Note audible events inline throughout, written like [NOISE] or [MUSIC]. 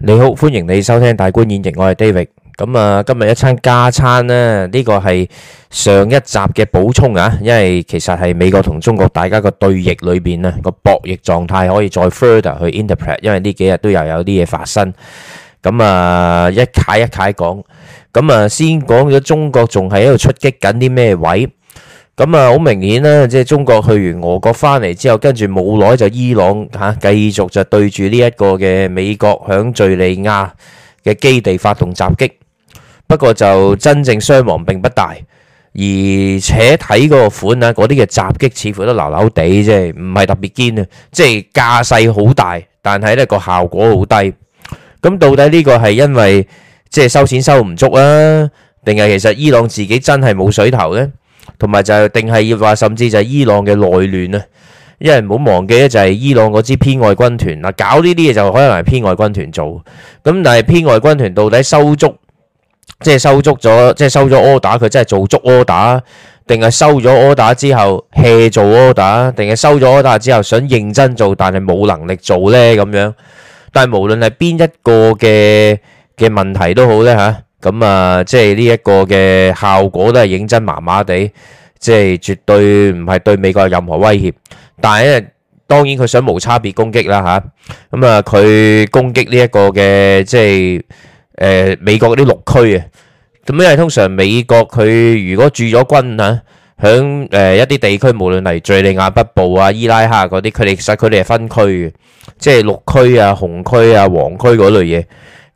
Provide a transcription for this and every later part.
你好，歡迎你收聽大觀演繹，我係 David。咁啊，今日一餐加餐咧，呢個係上一集嘅補充啊，因為其實係美國同中國大家個對弈裏邊啊個博弈狀態可以再 further 去 interpret，因為呢幾日都又有啲嘢發生。咁啊，一解一解講，咁啊，先講咗中國仲係喺度出擊緊啲咩位？咁啊，好明顯啦，即係中國去完俄國翻嚟之後，跟住冇耐就伊朗吓繼續就對住呢一個嘅美國響敘利亞嘅基地發動襲擊，不過就真正傷亡並不大，而且睇嗰個款啊，嗰啲嘅襲擊似乎都流流地，即係唔係特別堅啊，即係架勢好大，但係咧個效果好低。咁到底呢個係因為即係收錢收唔足啊，定係其實伊朗自己真係冇水頭咧？同埋就係定係要話，甚至就係伊朗嘅內亂啊！因為唔好忘記咧，就係伊朗嗰支編外軍團嗱，搞呢啲嘢就可能係編外軍團做。咁但係編外軍團到底收足，即係收足咗，即係收咗 order，佢真係做足 order，定係收咗 order 之後 hea 做 order，定係收咗 order 之後想認真做，但係冇能力做咧咁樣。但係無論係邊一個嘅嘅問題都好咧嚇。咁啊、嗯，即係呢一個嘅效果都係認真麻麻地，即係絕對唔係對美國有任何威脅。但係咧，當然佢想無差別攻擊啦吓。咁啊，佢、嗯、攻擊呢一個嘅即係誒、呃、美國嗰啲綠區啊。咁因為通常美國佢如果駐咗軍啊，響誒一啲地區，無論係敘利亞北部啊、伊拉克嗰啲，佢哋其實佢哋係分區嘅，即係綠區啊、紅區啊、黃區嗰類嘢。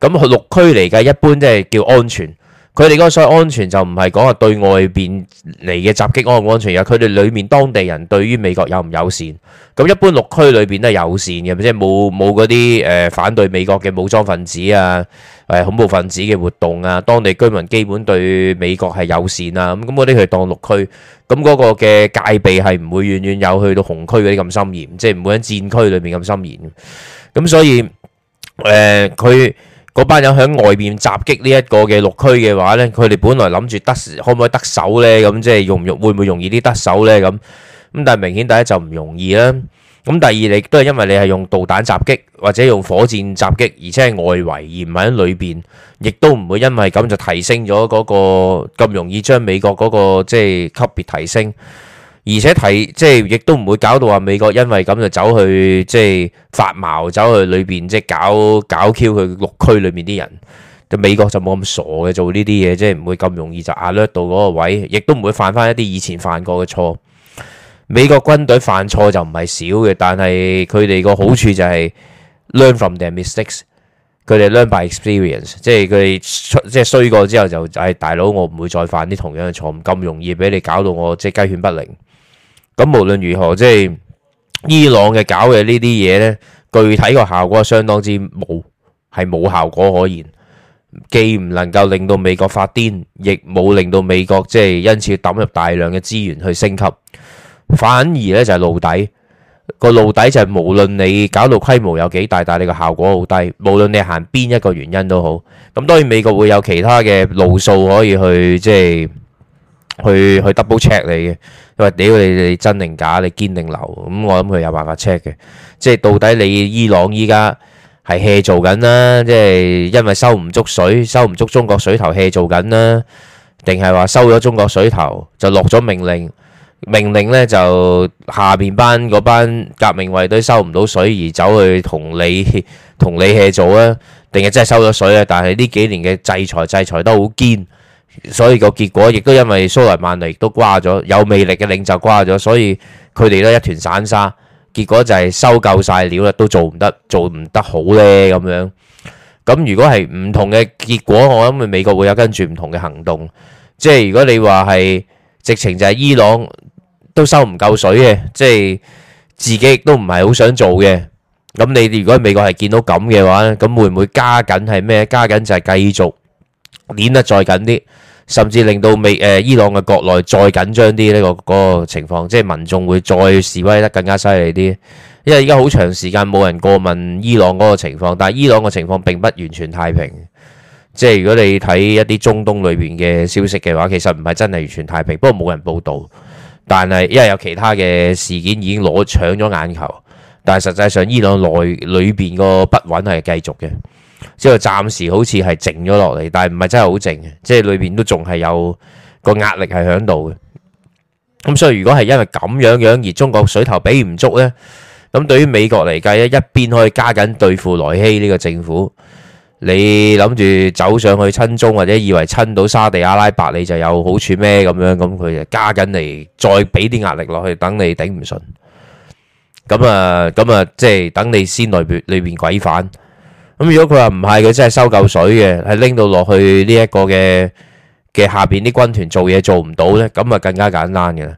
咁綠區嚟㗎，一般即係叫安全。佢哋嗰個所謂安全就唔係講啊對外邊嚟嘅襲擊安唔安全，有佢哋裏面當地人對於美國友唔友善。咁一般綠區裏邊都係友善嘅，即係冇冇嗰啲誒反對美國嘅武裝分子啊，誒恐怖分子嘅活動啊，當地居民基本對美國係友善啊。咁咁嗰啲佢當綠區，咁嗰個嘅戒備係唔會遠遠有去到紅區嗰啲咁深嚴，即係唔會喺戰區裏邊咁深嚴。咁所以誒佢。嗰班人喺外邊襲擊呢一個嘅陸區嘅話呢，佢哋本來諗住得可唔可以得手呢？咁即係容唔容會唔會容易啲得手呢？咁咁但係明顯第一就唔容易啦。咁第二你都係因為你係用導彈襲擊或者用火箭襲擊，而且係外圍而唔係喺裏邊，亦都唔會因為咁就提升咗嗰個咁容易將美國嗰個即係級別提升。而且睇即係亦都唔會搞到話美國因為咁就走去即係發毛走去裏邊即係搞搞 Q 佢六區裏面啲人，美國就冇咁傻嘅做呢啲嘢，即係唔會咁容易就壓劣到嗰個位，亦都唔會犯翻一啲以前犯過嘅錯。美國軍隊犯錯就唔係少嘅，但係佢哋個好處就係、是嗯、learn from their mistakes，佢哋 learn by experience，即係佢哋即係衰過之後就是，唉大佬我唔會再犯啲同樣嘅錯，唔咁容易俾你搞到我即係雞犬不寧。咁無論如何，即係伊朗嘅搞嘅呢啲嘢呢，具體個效果相當之冇，係冇效果可言，既唔能夠令到美國發癲，亦冇令到美國即係因此抌入大量嘅資源去升級，反而呢，就係露底，個露底就係無論你搞到規模有幾大，但你個效果好低，無論你行邊一個原因都好，咁當然美國會有其他嘅路數可以去即係去去 double check 你嘅。話屌你，你真定假？你堅定流咁、嗯，我諗佢有辦法 check 嘅，即係到底你伊朗依家係 hea 做緊啦，即係因為收唔足水，收唔足中國水頭 hea 做緊啦，定係話收咗中國水頭就落咗命令，命令呢，就下邊班嗰班革命衛隊收唔到水而走去同你同你 hea 做啊？定係真係收咗水啊？但係呢幾年嘅制裁制裁都好堅。所以個結果亦都因為蘇萊曼尼亦都瓜咗，有魅力嘅領袖瓜咗，所以佢哋都一團散沙。結果就係收夠晒料啦，都做唔得，做唔得好咧咁樣。咁如果係唔同嘅結果，我諗美國會有跟住唔同嘅行動。即係如果你話係直情就係伊朗都收唔夠水嘅，即係自己亦都唔係好想做嘅。咁你如果美國係見到咁嘅話，咁會唔會加緊係咩？加緊就係繼續捻得再緊啲。甚至令到未誒伊朗嘅國內再緊張啲呢個嗰、嗰個情況，即係民眾會再示威得更加犀利啲。因為而家好長時間冇人過問伊朗嗰個情況，但係伊朗嘅情況並不完全太平。即係如果你睇一啲中東裏邊嘅消息嘅話，其實唔係真係完全太平，不過冇人報導。但係因為有其他嘅事件已經攞搶咗眼球，但係實際上伊朗內裏邊個不穩係繼續嘅。即係暫時好似係靜咗落嚟，但係唔係真係好靜嘅，即係裏邊都仲係有個壓力係響度嘅。咁所以如果係因為咁樣樣而中國水頭俾唔足咧，咁對於美國嚟計咧，一邊可以加緊對付萊希呢個政府，你諗住走上去親中或者以為親到沙地阿拉伯你就有好處咩？咁樣咁佢就加緊嚟再俾啲壓力落去，等你頂唔順。咁啊，咁啊，即係等你先內邊裏邊鬼反。咁如果佢話唔係佢真係收夠水嘅，係拎到落去呢一個嘅嘅下邊啲軍團做嘢做唔到呢，咁啊更加簡單嘅啦。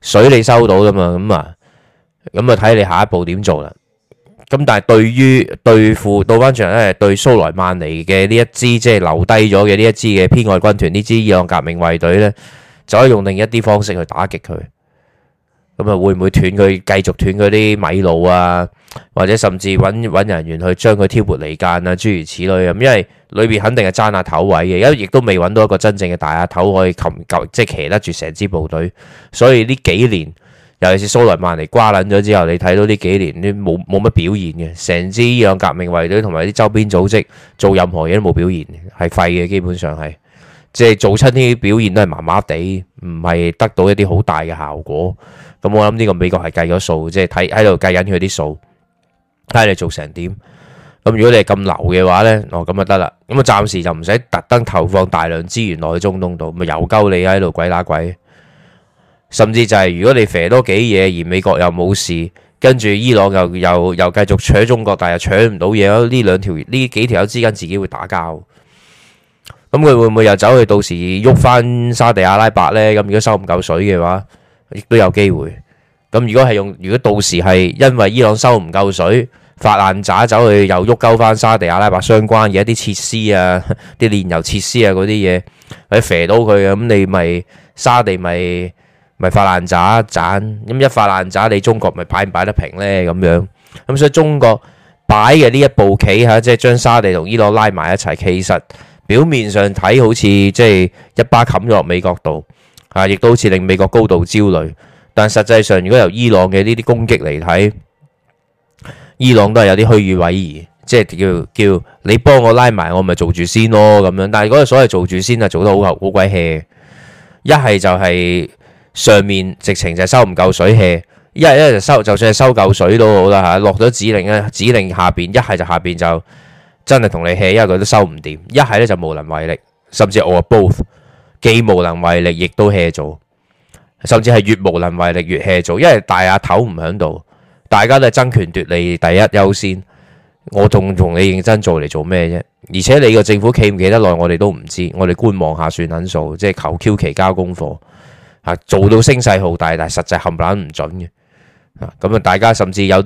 水你收到噶嘛？咁啊，咁啊睇你下一步點做啦。咁但係對於對付倒翻轉咧，對蘇萊曼尼嘅呢一支即係留低咗嘅呢一支嘅偏外軍團，呢支伊朗革命衛隊呢，就可以用另一啲方式去打擊佢。咁啊會唔會斷佢繼續斷佢啲米路啊？或者甚至揾揾人員去將佢挑撥離間啊，諸如此類咁，因為裏面肯定係爭下頭位嘅，而亦都未揾到一個真正嘅大阿頭可以擒救，即係騎得住成支部隊。所以呢幾年，尤其是蘇萊曼尼瓜撚咗之後，你睇到呢幾年都冇冇乜表現嘅，成支伊朗革命衛隊同埋啲周邊組織做任何嘢都冇表現，係廢嘅，基本上係即係做出啲表現都係麻麻地，唔係得到一啲好大嘅效果。咁我諗呢個美國係計咗數，即係睇喺度計緊佢啲數。睇你做成點，咁如果你係咁流嘅話呢，哦咁就得啦，咁啊暫時就唔使特登投放大量資源落去中東度，咪又鳩你喺度鬼打鬼。甚至就係如果你肥多幾嘢，而美國又冇事，跟住伊朗又又又繼續扯中國，但係又扯唔到嘢，呢兩條呢幾條友之間自己會打交。咁佢會唔會又走去到時喐返沙地阿拉伯呢？咁如果收唔夠水嘅話，亦都有機會。咁如果係用，如果到時係因為伊朗收唔夠水。發爛渣走去又喐鳩翻沙地阿拉伯相關嘅一啲設施啊，啲 [LAUGHS] 煉油設施啊嗰啲嘢，喺肥到佢啊，咁你咪沙地咪咪發爛渣盞，咁一發爛渣你中國咪擺唔擺得平呢？咁樣？咁所以中國擺嘅呢一步棋吓、啊，即係將沙地同伊朗拉埋一齊，其實表面上睇好似即係一巴冚咗落美國度，啊，亦都好似令美國高度焦慮。但實際上，如果由伊朗嘅呢啲攻擊嚟睇，伊朗都係有啲虛與委蛇，即係叫叫你幫我拉埋，我咪做住先咯咁樣。但係嗰個所謂做住先啊，做得好好鬼 hea，一係就係上面直情就收唔夠水 hea，一係咧就收就算係收夠水都好啦嚇。落咗指令咧，指令下邊一係就下邊就真係同你 hea，因為佢都收唔掂，一係咧就無能為力，甚至我話 both，既無能為力，亦都 hea 咗，甚至係越無能為力越 hea 咗，因為大阿頭唔喺度。大家都係爭權奪利，第一優先。我仲同你認真做嚟做咩啫？而且你個政府企唔企得耐，我哋都唔知。我哋觀望下算撚數，即係求 Q 期交功課做到聲勢好大，但係實際冚冷唔準嘅啊。咁啊，大家甚至有啲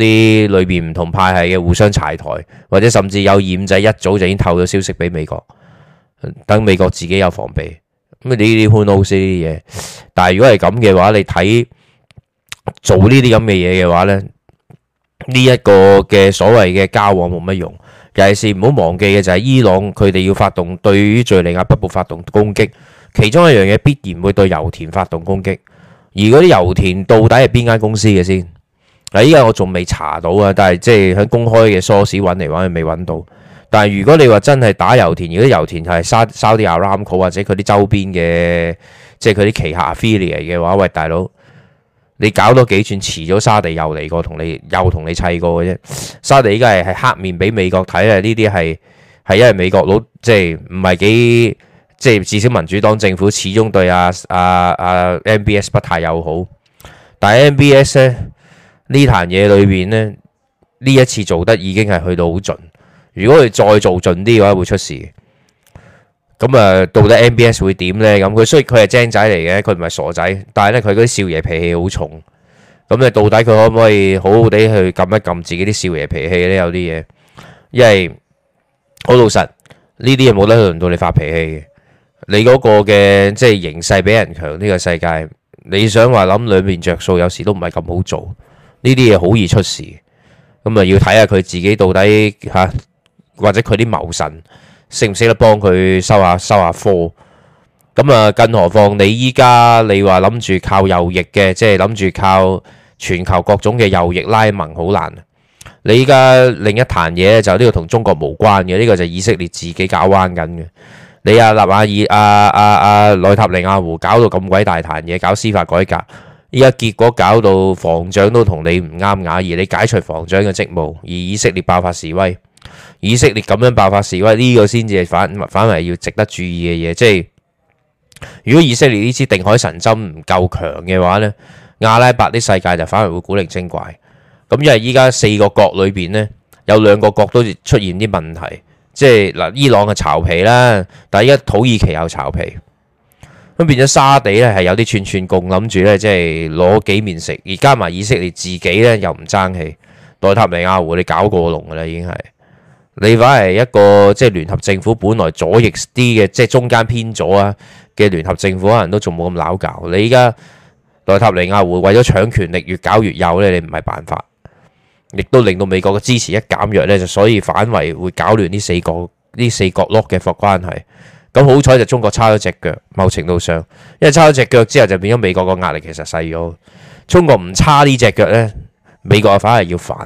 裏邊唔同派系嘅互相踩台，或者甚至有醜仔一早就已經透咗消息俾美國，等美國自己有防備咁啊。呢啲潘 os 啲嘢，但係如果係咁嘅話，你睇做呢啲咁嘅嘢嘅話呢。呢一個嘅所謂嘅交往冇乜用，尤其是唔好忘記嘅就係伊朗佢哋要發動對於敍利亞北部發動攻擊，其中一樣嘢必然會對油田發動攻擊。而嗰啲油田到底係邊間公司嘅先？嗱，依家我仲未查到啊，但係即係喺公開嘅 Source 揾嚟揾去，未揾到。但係如果你話真係打油田，如果油田係沙 Saudi Aramco 或者佢啲周邊嘅，即係佢啲旗下 affiliate 嘅話，喂，大佬。你搞多幾轉，遲咗沙地又嚟過，同你又同你砌過嘅啫。沙地依家係係黑面俾美國睇啊！呢啲係係因為美國佬即係唔係幾即係至少民主黨政府始終對啊，啊，啊 MBS 不太友好。但係 MBS 呢，呢壇嘢裏邊呢，呢一次做得已經係去到好盡。如果佢再做盡啲嘅話，會出事。咁啊，到底 MBS 會點呢？咁佢雖然佢係精仔嚟嘅，佢唔係傻仔，但係咧佢嗰啲少爺脾氣好重。咁啊，到底佢可唔可以好好地去撳一撳自己啲少爺脾氣呢？有啲嘢，因為好老實，呢啲嘢冇得輪到你發脾氣。你嗰個嘅即係形勢比人強，呢、這個世界你想話諗兩面着數，有時都唔係咁好做。呢啲嘢好易出事，咁啊要睇下佢自己到底吓、啊，或者佢啲謀臣。識唔識得幫佢收下收下貨咁啊？更何況你依家你話諗住靠右翼嘅，即係諗住靠全球各種嘅右翼拉盟，好難。你依家另一壇嘢就呢個同中國無關嘅，呢、這個就以色列自己搞彎緊嘅。你啊，納亞爾啊，啊，阿、啊、內塔尼亞胡搞到咁鬼大壇嘢，搞司法改革，依家結果搞到防長都同你唔啱眼，而你解除防長嘅職務，而以色列爆發示威。以色列咁樣爆發示威，呢個先至係反反而要值得注意嘅嘢。即係如果以色列呢支定海神針唔夠強嘅話呢，阿拉伯啲世界就反而會古靈精怪。咁因為依家四個國裏邊呢，有兩個國都出現啲問題。即係嗱，伊朗嘅巢皮啦，但係依家土耳其又巢皮，咁變咗沙地呢係有啲串串共諗住呢，即係攞幾面食。而加埋以色列自己呢，又唔爭氣，內塔尼亞胡你搞過龍噶啦，已經係。你反而係一個即係聯合政府，本來左翼啲嘅，即係中間偏左啊嘅聯合政府，可能都仲冇咁攪搞。你依家內塔尼亞胡為咗搶權力，越搞越有呢，你唔係辦法，亦都令到美國嘅支持一減弱呢，就所以反為會搞亂呢四個呢四角落嘅關係。咁好彩就中國差咗隻腳，某程度上，因為差咗隻腳之後就變咗美國個壓力其實細咗。中國唔差呢隻腳呢，美國反而要煩。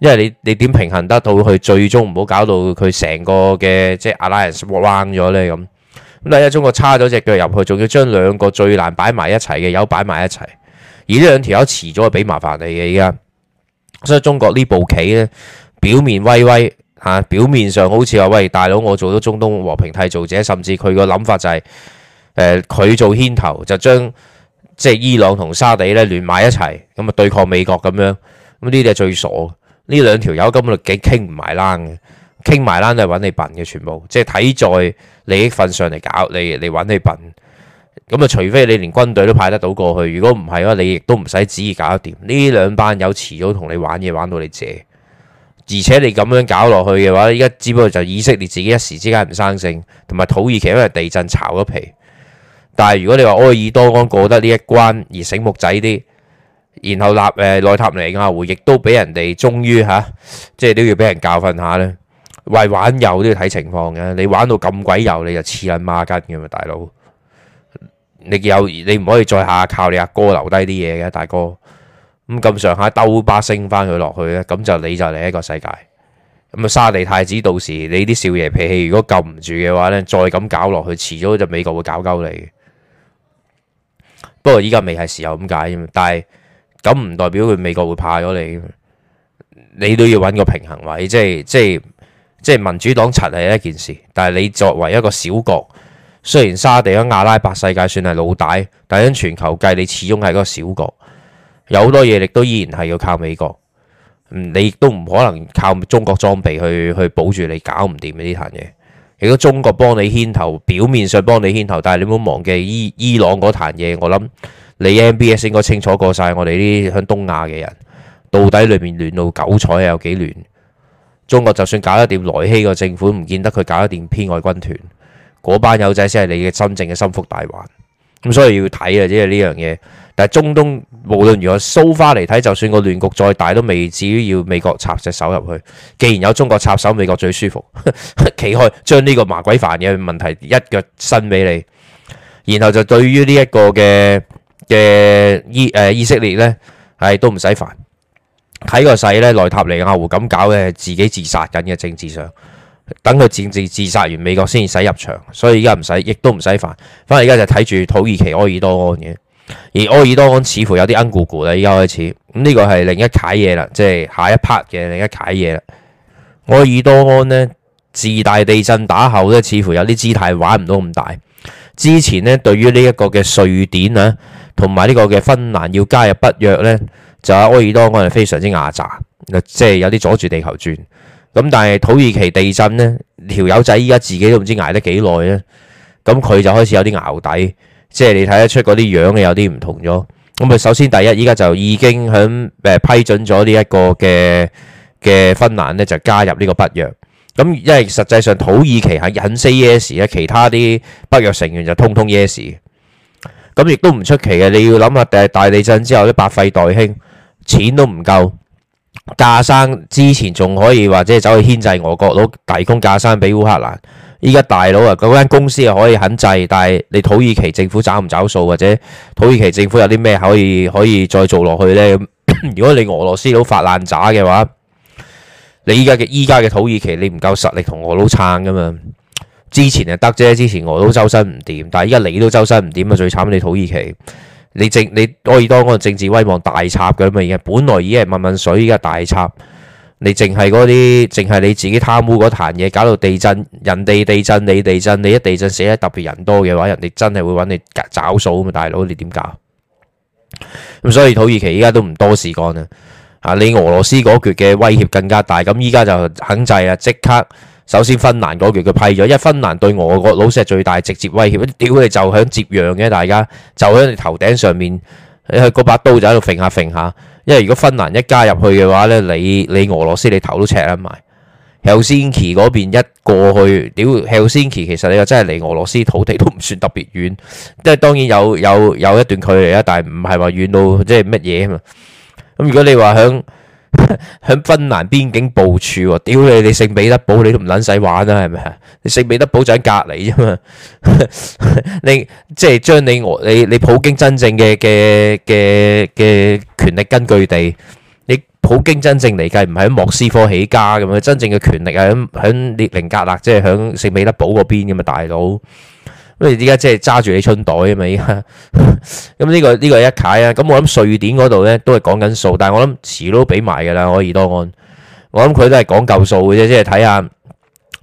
因為你，你點平衡得到佢，最終唔好搞到佢成個嘅即係 alliance run 咗咧，咁，咁但係中國叉咗隻腳入去，仲要將兩個最難擺埋一齊嘅友擺埋一齊，而呢兩條友遲早係俾麻煩你嘅。依家所以中國呢部棋咧，表面威威嚇、啊、表面上好似話喂，大佬我做咗中東和平締造者，甚至佢個諗法就係誒佢做牽頭就將即係伊朗同沙地咧，聯埋一齊，咁啊對抗美國咁樣，咁呢啲係最傻。呢兩條友根本就幾傾唔埋欄嘅，傾埋欄都係揾你笨嘅，全部即係睇在利益份上嚟搞你，你你揾你笨。咁啊，除非你連軍隊都派得到過去，如果唔係嘅話，你亦都唔使旨意搞得掂。呢兩班友遲早同你玩嘢玩，玩到你謝，而且你咁樣搞落去嘅話，依家只不過就以色列自己一時之間唔生性，同埋土耳其因為地震炒咗皮。但係如果你話埃爾多安過得呢一關而醒目仔啲。然後立誒內塔尼亞胡亦都俾人哋，終於吓，即係都要俾人教訓下咧。為玩游都要睇情況嘅，你玩到咁鬼游，你就黐撚孖筋㗎嘛，大佬。你又你唔可以再下靠你阿哥留低啲嘢嘅，大哥。咁咁上下兜巴星翻佢落去咧，咁就你就嚟一個世界。咁啊沙地太子，到時你啲少爺脾氣如果撳唔住嘅話咧，再咁搞落去，遲早就美國會搞鳩你。不過依家未係時候咁解啫嘛，但係。咁唔代表佢美國會怕咗你，你都要揾個平衡位，即係即係即係民主黨賊係一件事。但係你作為一個小國，雖然沙地喺阿拉伯世界算係老大，但係喺全球計，你始終係嗰個小國，有好多嘢你都依然係要靠美國。嗯，你亦都唔可能靠中國裝備去去保住你搞唔掂嘅呢壇嘢。如果中國幫你牽頭，表面上幫你牽頭，但係你唔好忘記伊伊朗嗰壇嘢，我諗。你 MBS 應該清楚過晒，我哋呢啲響東亞嘅人到底裏面亂到九彩有幾亂？中國就算搞得掂萊希個政府，唔見得佢搞得掂偏愛軍團嗰班友仔先係你嘅真正嘅心腹大患。咁所以要睇啊，即係呢樣嘢。但係中東無論如何蘇花嚟睇，就算個亂局再大都未至於要美國插隻手入去。既然有中國插手，美國最舒服，企 [LAUGHS] 開將呢個麻鬼煩嘅問題一腳伸俾你，然後就對於呢一個嘅。嘅以誒以色列咧，係都唔使煩。睇個勢咧，內塔尼亞胡咁搞嘅自己自殺緊嘅政治上，等佢自自自殺完，美國先至使入場。所以而家唔使，亦都唔使煩。反而而家就睇住土耳其埃爾多安嘅，而埃爾多安似乎有啲恩咕咕啦，而家開始。咁呢個係另一楷嘢啦，即係下一 part 嘅另一楷嘢啦。埃爾多安呢，自大地震打後咧，似乎有啲姿態玩唔到咁大。之前咧，對於呢一個嘅瑞典啊，同埋呢個嘅芬蘭要加入北約咧，就喺埃爾多安係非常之牙擦，即係有啲阻住地球轉。咁但係土耳其地震咧，條友仔依家自己都唔知捱得幾耐咧，咁佢就開始有啲淆底，即係你睇得出嗰啲樣嘅有啲唔同咗。咁佢首先第一，依家就已經響誒批准咗呢一個嘅嘅芬蘭咧，就加入呢個北約。咁因為實際上土耳其係肯 say yes 咧，其他啲北約成員就通通 yes。咁亦都唔出奇嘅。你要諗下，第日大地震之後啲百廢待興，錢都唔夠，架生之前仲可以或者走去牽制俄國佬，提供架生俾烏克蘭。依家大佬啊，嗰間公司可以肯制，但係你土耳其政府找唔找數，或者土耳其政府有啲咩可以可以再做落去呢？ [LAUGHS] 如果你俄羅斯佬發爛渣嘅話，你依家嘅依家嘅土耳其，你唔夠實力同俄佬撐噶嘛？之前係得啫，之前俄佬周身唔掂，但係依家你都周身唔掂啊！最慘你土耳其，你政你埃爾多安政治威望大插嘅嘛，而家本來已經係問問水，依家大插，你淨係嗰啲淨係你自己貪污嗰壇嘢，搞到地震，人哋地震，你地震，你地震，你一地震死得特別人多嘅話，人哋真係會搵你找數咁嘛！大佬你點搞？咁所以土耳其依家都唔多事幹啦。啊！你俄羅斯嗰橛嘅威脅更加大，咁依家就肯制啦，即刻首先芬蘭嗰橛佢批咗，一芬蘭對俄國老細係最大直接威脅，屌佢哋就響接壤嘅，大家就響你頭頂上面，你去把刀就喺度揈下揈下，因為如果芬蘭一加入去嘅話咧，你你俄羅斯你頭都赤啦埋 Helsinki 嗰邊一過去，屌 Helsinki 其實你又真係離俄羅斯土地都唔算特別遠，即係當然有有有一段距離啊，但係唔係話遠到即係乜嘢啊嘛。就是咁如果你話響響芬蘭邊境部署，屌你！你聖彼得堡你都唔撚使玩啦，係咪？你聖彼得堡就喺隔籬啫嘛，你即係將你你你普京真正嘅嘅嘅嘅權力根據地，你普京真正嚟計唔喺莫斯科起家咁啊，真正嘅權力喺喺列寧格勒，即係喺聖彼得堡嗰邊㗎嘛，大佬。咁你而家即係揸住你春袋啊嘛！而家咁呢個呢、呢個係一楷啊！咁我諗瑞典嗰度咧都係講緊數，但係我諗遲都俾埋㗎啦。可以當安，我諗佢都係講夠數嘅啫，即係睇下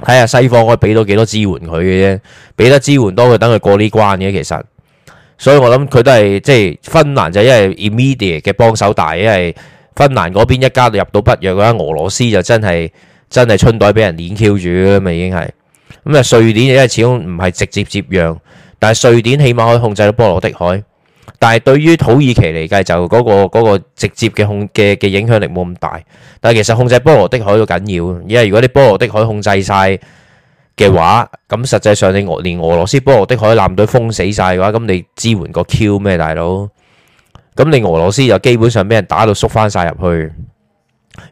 睇下西方可以俾到幾多支援佢嘅啫，俾得支援多佢等佢過呢關嘅。其實，所以我諗佢都係即係芬蘭就因為 immediate 嘅幫手大，因為芬蘭嗰邊一家入到北約啦，俄羅斯就真係真係春袋俾人碾 Q 住啊嘛，已經係。咁啊，瑞典亦都始終唔係直接接壤，但係瑞典起碼可以控制到波羅的海，但係對於土耳其嚟計，就嗰、嗰個、嗰個直接嘅控嘅嘅影響力冇咁大。但係其實控制波羅的海都緊要，因為如果你波羅的海控制晒嘅話，咁實際上你俄連俄羅斯波羅的海艦隊封死晒嘅話，咁你支援個 Q 咩大佬？咁你俄羅斯就基本上俾人打到縮翻晒入去。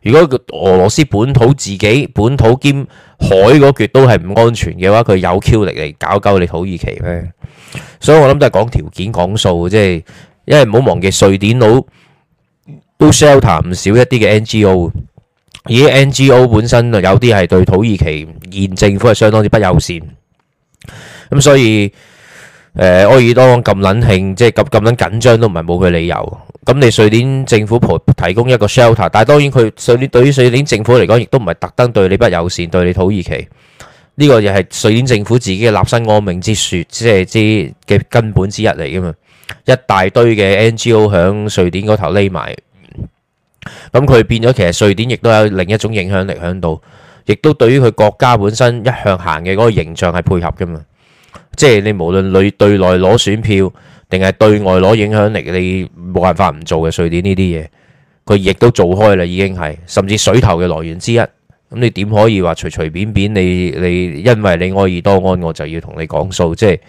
如果俄羅斯本土自己本土兼海嗰橛都係唔安全嘅話，佢有 Q 力嚟搞鳩你土耳其咩？所以我諗都係講條件講數，即係因為唔好忘記瑞典佬都 shelter 唔少一啲嘅 NGO，而 NGO 本身有啲係對土耳其現政府係相當之不友善，咁所以。誒，埃爾多咁撚興，即係咁咁撚緊張都唔係冇佢理由。咁你瑞典政府 pro 提供一個 shelter，但係當然佢瑞典對於瑞典政府嚟講，亦都唔係特登對你不友善，對你土耳其呢個又係瑞典政府自己嘅立身安命之説，即係之嘅根本之一嚟噶嘛。一大堆嘅 NGO 響瑞典嗰頭匿埋，咁佢變咗其實瑞典亦都有另一種影響力響度，亦都對於佢國家本身一向行嘅嗰個形象係配合噶嘛。即係你無論你對內攞選票，定係對外攞影響力，你冇辦法唔做嘅。瑞典呢啲嘢，佢亦都做開啦，已經係甚至水頭嘅來源之一。咁你點可以話隨隨便便你你因為你愛爾多安，我就要同你講數，即係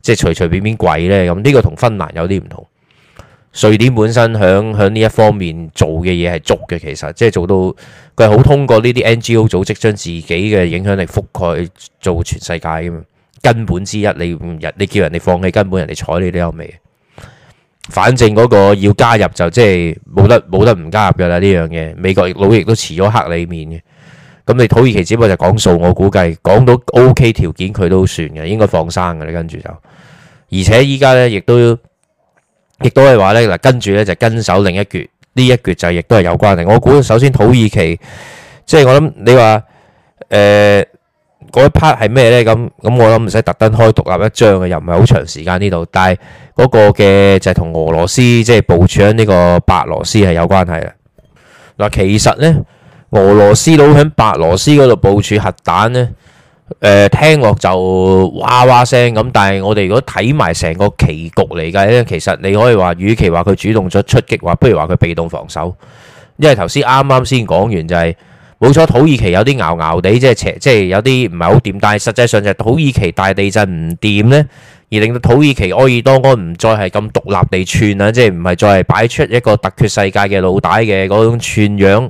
即係隨隨便便鬼呢？咁呢個同芬蘭有啲唔同。瑞典本身響響呢一方面做嘅嘢係足嘅，其實即係做到佢係好通過呢啲 NGO 組織將自己嘅影響力覆蓋做全世界。根本之一，你唔人，你叫人哋放棄根本，人哋睬你都有味。反正嗰個要加入就即係冇得冇得唔加入噶啦呢樣嘢。美國亦佬亦都遲咗黑裏面嘅。咁你土耳其，只不過就講數，我估計講到 OK 條件佢都算嘅，應該放生嘅啦。跟住就而且依家咧，亦都亦都係話咧，嗱，跟住咧就跟手另一橛，呢一橛就亦都係有關嘅。我估首先土耳其即係我諗你話誒。嗰一 part 係咩呢？咁咁我諗唔使特登開獨立一張嘅，又唔係好長時間呢度。但係嗰個嘅就係同俄羅斯即係、就是、部署喺呢個白羅斯係有關係嘅。嗱，其實呢，俄羅斯佬喺白羅斯嗰度部署核彈呢，誒、呃、聽落就哇哇聲咁。但係我哋如果睇埋成個棋局嚟㗎咧，其實你可以話，與其話佢主動咗出擊，話不如話佢被動防守，因為頭先啱啱先講完就係、是。冇錯，土耳其有啲拗拗地，即係斜，即、就、係、是、有啲唔係好掂。但係實際上就係土耳其大地震唔掂呢，而令到土耳其埃爾多安唔再係咁獨立地串啦，即係唔係再係擺出一個突厥世界嘅老大嘅嗰種串樣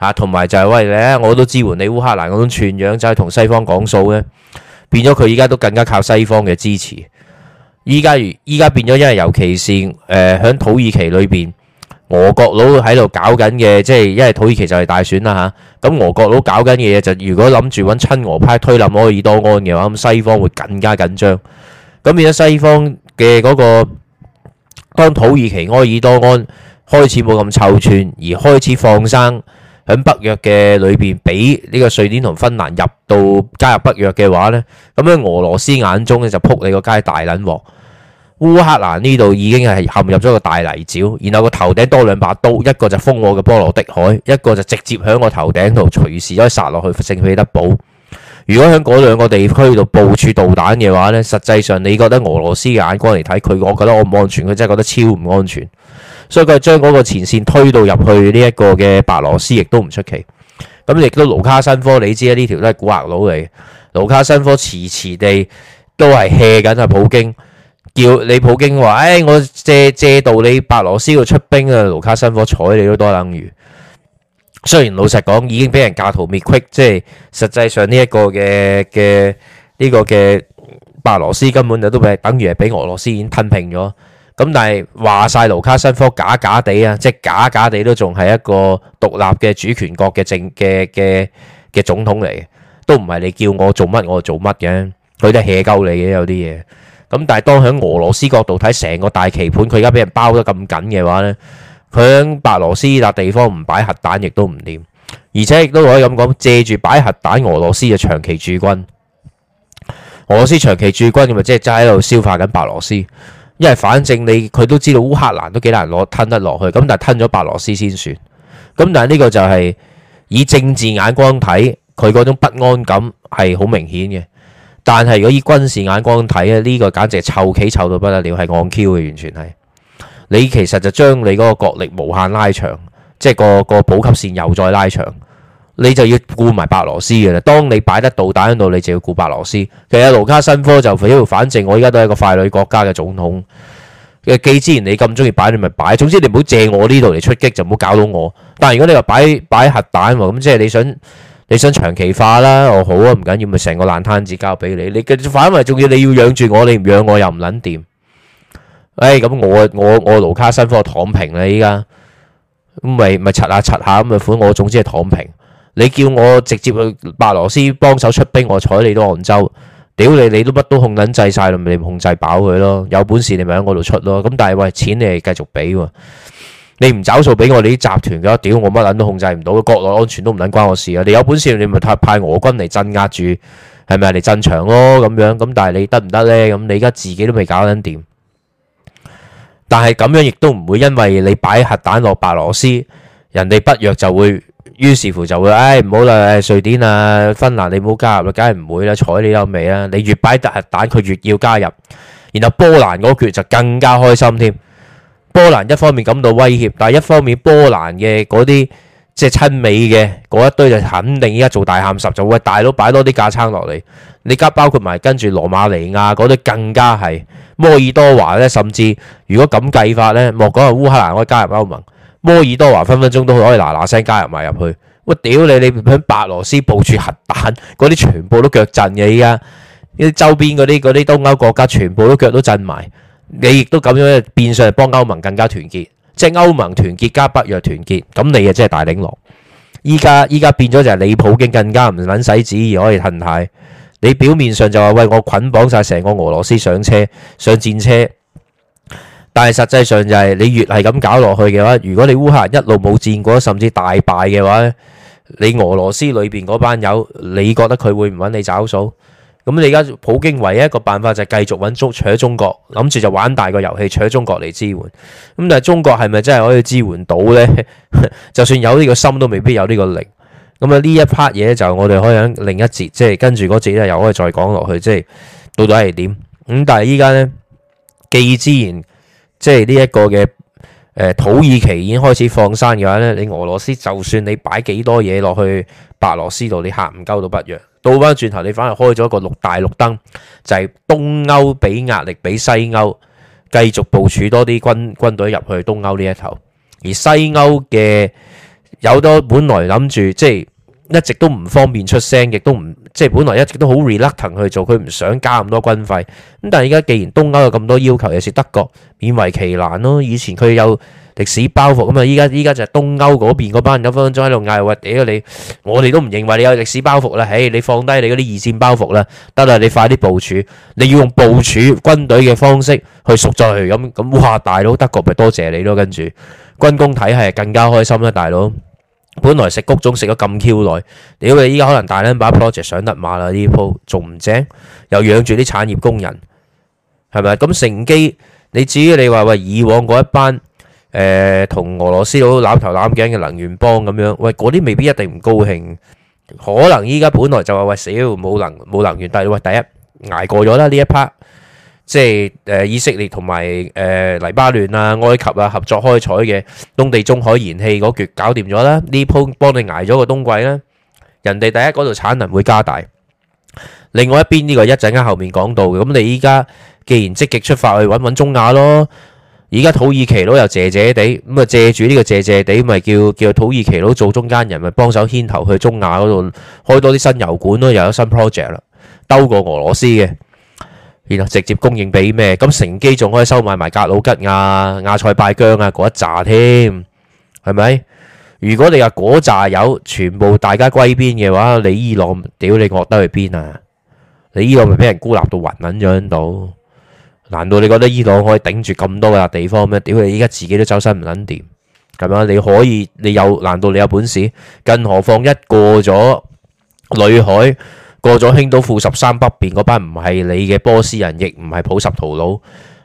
嚇，同、啊、埋就係、是、喂咧，我都支援你烏克蘭嗰種串樣，就係同西方講數呢，變咗佢依家都更加靠西方嘅支持。依家依家變咗，因為尤其是誒喺、呃、土耳其裏邊。俄國佬喺度搞緊嘅，即係因為土耳其就係大選啦吓，咁俄國佬搞緊嘅嘢就如果諗住揾親俄派推冧埃爾多安嘅話，咁西方會更加緊張。咁變咗西方嘅嗰、嗰個，當土耳其埃爾多安開始冇咁臭串，而開始放生喺北約嘅裏邊，俾呢個瑞典同芬蘭入到加入北約嘅話呢，咁喺俄羅斯眼中咧，就撲你個街大撚喎。烏克蘭呢度已經係陷入咗個大泥沼，然後個頭頂多兩把刀，一個就封我嘅波羅的海，一個就直接喺我頭頂度隨時可以殺落去聖彼得堡。如果喺嗰兩個地區度部署導彈嘅話呢，實際上你覺得俄羅斯嘅眼光嚟睇佢，我覺得我唔安全，佢真係覺得超唔安全，所以佢將嗰個前線推到入去呢一個嘅白羅斯，亦都唔出奇。咁亦都盧卡申科，你知啊，呢條都係古惑佬嚟。盧卡申科遲遲地都係 hea 緊阿普京。叫你普京話，誒、哎，我借借道你白羅斯要出兵啊，盧卡申科睬你都多等於。雖然老實講，已經俾人架圖滅窟，即係實際上呢一個嘅嘅呢個嘅白羅斯根本就都係等於係俾俄羅斯已經吞併咗。咁但係話晒盧卡申科假假地啊，即係假假地都仲係一個獨立嘅主權國嘅政嘅嘅嘅總統嚟，都唔係你叫我做乜我就做乜嘅，佢都 hea 鳩你嘅有啲嘢。咁但係當喺俄羅斯角度睇成個大棋盤，佢而家俾人包得咁緊嘅話呢，佢喺白俄斯笪地方唔擺核彈亦都唔掂，而且亦都可以咁講，借住擺核彈，俄羅斯就長期駐軍。俄羅斯長期駐軍咪即係齋喺度消化緊白俄斯，因為反正你佢都知道烏克蘭都幾難攞吞得落去，咁但係吞咗白俄斯先算。咁但係呢個就係以政治眼光睇，佢嗰種不安感係好明顯嘅。但係如果以軍事眼光睇咧，呢、呢個簡直臭棋臭到不得了，係 on9 嘅，完全係。你其實就將你嗰個國力無限拉長，即係個個補給線又再拉長，你就要顧埋白羅斯嘅啦。當你擺得導彈喺度，你就要顧白羅斯。其實盧卡申科就反正我依家都係一個傀儡國家嘅總統，既然你咁中意擺，你咪擺。總之你唔好借我呢度嚟出擊，就唔好搞到我。但係如果你話擺擺核彈喎，咁即係你想。你想長期化啦，哦，好啊，唔緊要，咪成個爛攤子交俾你，你嘅反為仲要你要養住我，你唔養我又唔撚掂。誒咁我我我盧卡申科躺平啦依家，咁咪咪擦下擦下咁嘅款，我總之係躺平。你叫我直接去白羅斯幫手出兵，我睬你都杭州，屌你你都乜都控撚制曬啦，咪控制飽佢咯。有本事你咪喺我度出咯。咁但係喂，錢你係繼續俾喎。你唔找數俾我哋啲集團嘅，屌我乜捻都控制唔到，國內安全都唔捻關我事啊！你有本事你咪派派俄軍嚟鎮壓住，係咪啊？嚟鎮場咯咁樣，咁但係你得唔得呢？咁你而家自己都未搞緊掂，但係咁樣亦都唔會，因為你擺核彈落白羅斯，人哋不嬲就會，於是乎就會，唉唔好啦，唉瑞典啊、芬蘭你唔好加入啦，梗係唔會啦，睬你都未啦，你越擺核彈佢越要加入，然後波蘭嗰橛就更加開心添。波蘭一方面感到威脅，但係一方面波蘭嘅嗰啲即係親美嘅嗰一堆就肯定依家做大喊十，就喂大佬擺多啲架撐落嚟。你家包括埋跟住羅馬尼亞嗰啲更加係摩爾多瓦咧，甚至如果咁計法咧，莫講係烏克蘭可以加入歐盟，摩爾多瓦分，分分鐘都可以嗱嗱聲加入埋入去。喂，屌你，你喺白羅斯部署核彈嗰啲全部都腳震嘅依家，啲周邊嗰啲嗰啲東歐國家全部都腳都震埋。你亦都咁樣變相係幫歐盟更加團結，即係歐盟團結加北約團結，咁你啊真係大嶺狼。依家依家變咗就係你普京更加唔撚使旨意可以吞太，你表面上就話喂我捆綁晒成個俄羅斯上車上戰車，但係實際上就係、是、你越係咁搞落去嘅話，如果你烏克蘭一路冇戰果甚至大敗嘅話，你俄羅斯裏邊嗰班友，你覺得佢會唔揾你找數？咁你而家普京唯一一個辦法就係繼續揾中扯中國，諗住就玩大個遊戲，扯中國嚟支援。咁但係中國係咪真係可以支援到咧？ [LAUGHS] 就算有呢個心，都未必有呢個力。咁啊呢一 part 嘢就我哋可以喺另一節，即係跟住嗰節咧又可以再講落去，即係到底係點？咁但係依家咧，既自然即係呢一個嘅誒土耳其已經開始放生嘅話咧，你俄羅斯就算你擺幾多嘢落去白羅斯度，你吓唔鳩都北約？到翻轉頭，你反而開咗一個大綠燈，就係東歐俾壓力俾西歐繼續部署多啲軍軍隊入去東歐呢一頭，而西歐嘅有多本來諗住即係一直都唔方便出聲，亦都唔即係本來一直都好 reluctant 去做，佢唔想加咁多軍費。咁但係而家既然東歐有咁多要求，尤其德國勉為其難咯。以前佢有。歷史包袱吖嘛！依家依家就係東歐嗰邊嗰班人分分鐘喺度嗌話，屌你，我哋都唔認為你有歷史包袱啦。唉，你放低你嗰啲二戰包袱啦，得啦，你快啲部署，你要用部署軍隊嘅方式去贖罪。咁咁，哇，大佬德國咪多謝你咯，跟住軍工體系更加開心啦，大佬。本來食谷種食咗咁 Q 耐，屌你依家可能大把 project 上得馬啦，呢鋪仲唔正，又養住啲產業工人，係咪？咁乘機，你至於你話喂，以往嗰一班。誒同俄羅斯佬攬頭攬頸嘅能源幫咁樣，喂嗰啲未必一定唔高興，可能依家本來就話喂死冇能冇能源，但係喂第一捱過咗啦呢一 part，即係誒以色列同埋誒黎巴嫩啊、埃及啊合作開採嘅東地中海燃氣嗰橛搞掂咗啦，呢鋪幫你捱咗個冬季啦，人哋第一嗰度產能會加大，另外一邊呢個一陣間後面講到嘅，咁你依家既然積極出發去揾揾中亞咯。而家土耳其佬又借借地，咁啊借住呢個借借地，咪、就是、叫叫土耳其佬做中間人，咪幫手牽頭去中亞嗰度開多啲新油管咯，又有新 project 啦，兜過俄羅斯嘅，然後直接供應俾咩？咁乘機仲可以收買埋格魯吉亞、啊、亞塞拜疆啊嗰一紮添，係咪？如果你話嗰紮油全部大家歸邊嘅話，你伊朗屌你惡得去邊啊？你伊朗咪俾人孤立到暈暈咗喺度？難道你覺得伊朗可以頂住咁多嘅地方咩？屌你依家自己都周身唔捻掂，咁樣你可以你有？難道你有本事？更何況一過咗裏海，過咗興都庫什山北邊嗰班唔係你嘅波斯人，亦唔係普什圖佬，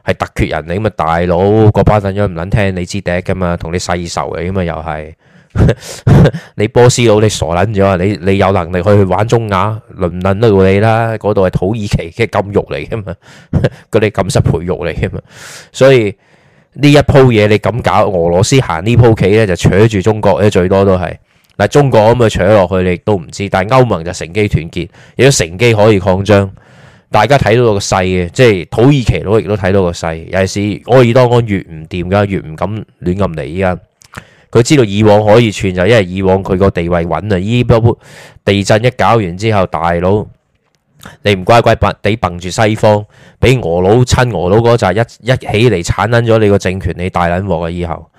係突厥人，你咁啊，大佬，嗰班等咗唔捻聽你支笛噶嘛，同你世仇嚟噶嘛又係。你波斯佬你傻捻咗啊？你你有能力去去玩中亞，輪輪都到你啦，嗰度係土耳其嘅監獄嚟噶嘛？佢哋監室培育嚟噶嘛？所以呢一鋪嘢你咁搞，俄羅斯行呢鋪棋咧就扯住中國咧，最多都係嗱中國咁嘅扯落去，你亦都唔知。但係歐盟就乘機團結，亦都乘機可以擴張。大家睇到個勢嘅，即係土耳其佬亦都睇到個勢。尤其是埃爾多安越唔掂噶，越唔敢亂咁嚟依家。佢知道以往可以串就係因為以往佢個地位穩啊！依波地震一搞完之後，大佬你唔乖乖地掹住西方，俾俄佬親俄佬嗰陣一一起嚟鏟緊咗你個政權，你大捻鑊啊！以後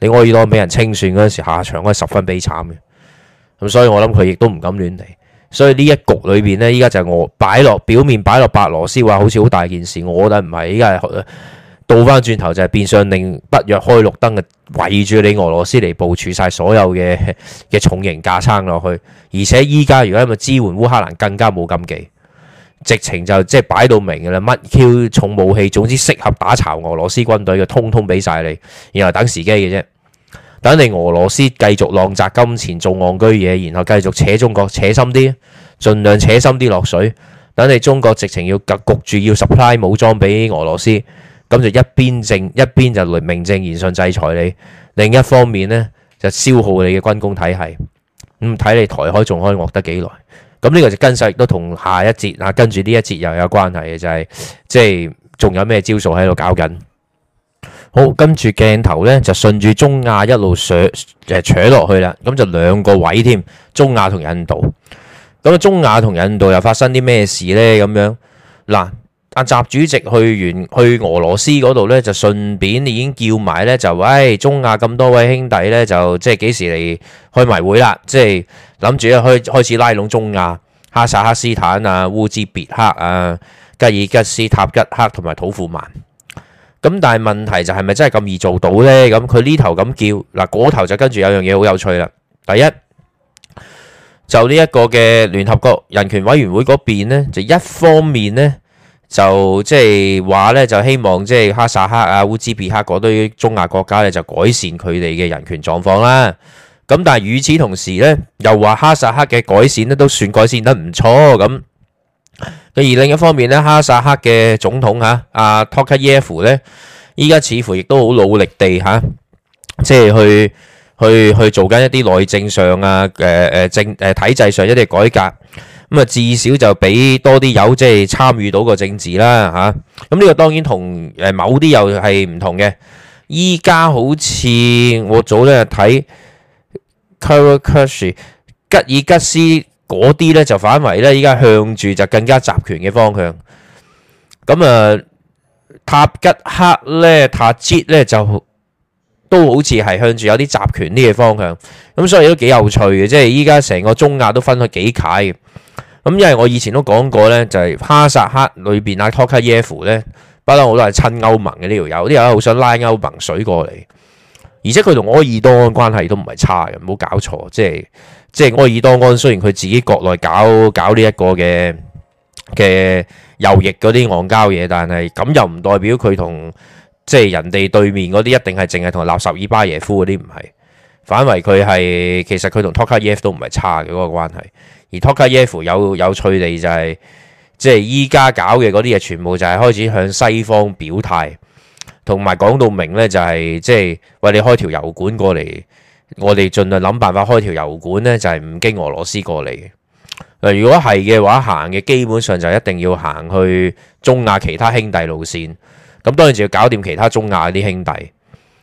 你可以當俾人清算嗰陣時下場係十分悲慘嘅。咁所以我諗佢亦都唔敢亂嚟。所以呢一局裏邊呢，依家就係我擺落表面擺落白羅斯話好似好大件事，我覺得唔係依家。倒翻轉頭就係、是、變相令北約開綠燈嘅圍住你俄羅斯嚟部署晒所有嘅嘅重型架撐落去，而且依家如果因為支援烏克蘭，更加冇禁忌，直情就即係擺到明嘅啦。乜 Q 重武器，總之適合打巢俄羅斯軍隊嘅，通通俾晒你，然後等時機嘅啫。等你俄羅斯繼續浪擲金錢做戇居嘢，然後繼續扯中國扯深啲，儘量扯深啲落水。等你中國直情要焗住要 supply 武裝俾俄羅斯。咁就一邊正一邊就名正言順制裁你，另一方面咧就消耗你嘅軍工體系，咁睇你台海仲可以惡得幾耐？咁呢個就跟實都同下一節啊，跟住呢一節又有關係嘅就係即係仲有咩招數喺度搞緊？好，跟住鏡頭咧就順住中亞一路上誒扯落去啦，咁就兩個位添，中亞同印度。咁啊，中亞同印度又發生啲咩事咧？咁樣嗱。阿習主席去完去俄羅斯嗰度咧，就順便已經叫埋咧，就喂、哎、中亞咁多位兄弟咧，就即係幾時嚟開埋會啦？即係諗住咧開開始拉攏中亞、哈薩克斯坦啊、烏茲別克啊、吉爾吉斯、塔吉克同埋土庫曼。咁但係問題就係、是、咪真係咁易做到咧？咁佢呢頭咁叫嗱，嗰頭就跟住有樣嘢好有趣啦。第一就呢一個嘅聯合國人權委員會嗰邊咧，就一方面咧。就即係話咧，就希望即係哈薩克啊、烏茲別克嗰堆中亞國家咧，就改善佢哋嘅人權狀況啦。咁但係與此同時咧，又話哈薩克嘅改善咧都算改善得唔錯咁。而另一方面咧，哈薩克嘅總統吓阿、啊啊、托卡耶夫咧，依家似乎亦都好努力地吓、啊，即係去去去做緊一啲內政上啊，誒誒政誒體制上一啲改革。咁啊，至少就俾多啲友即係參與到個政治啦嚇。咁、啊、呢個當然同誒某啲又係唔同嘅。依家好似我早咧睇 Kazakhstan 吉爾吉斯嗰啲咧，就反為咧依家向住就更加集權嘅方向。咁啊，塔吉克咧、塔吉咧就都好似係向住有啲集權啲嘅方向。咁、啊、所以都幾有趣嘅，即係依家成個中亞都分咗幾攤。咁因為我以前都講過咧，就係、是、哈薩克裏邊啊托卡耶夫咧，不嬲我都係親歐盟嘅呢條友，啲、這個、人好想拉歐盟水過嚟，而且佢同埃爾多安關係都唔係差嘅，唔好搞錯，即係即係埃爾多安雖然佢自己國內搞搞呢一個嘅嘅右翼嗰啲戇交嘢，但係咁又唔代表佢同即係人哋對面嗰啲一定係淨係同納扎爾巴耶夫嗰啲唔係，反為佢係其實佢同托卡耶夫都唔係差嘅嗰、那個關係。而托卡耶夫有有趣地就係、是，即係依家搞嘅嗰啲嘢，全部就係開始向西方表態，同埋講到明呢就係、是、即係為你開條油管過嚟，我哋盡量諗辦法開條油管呢，就係唔經俄羅斯過嚟嘅。如果係嘅話，行嘅基本上就一定要行去中亞其他兄弟路線。咁當然就要搞掂其他中亞啲兄弟。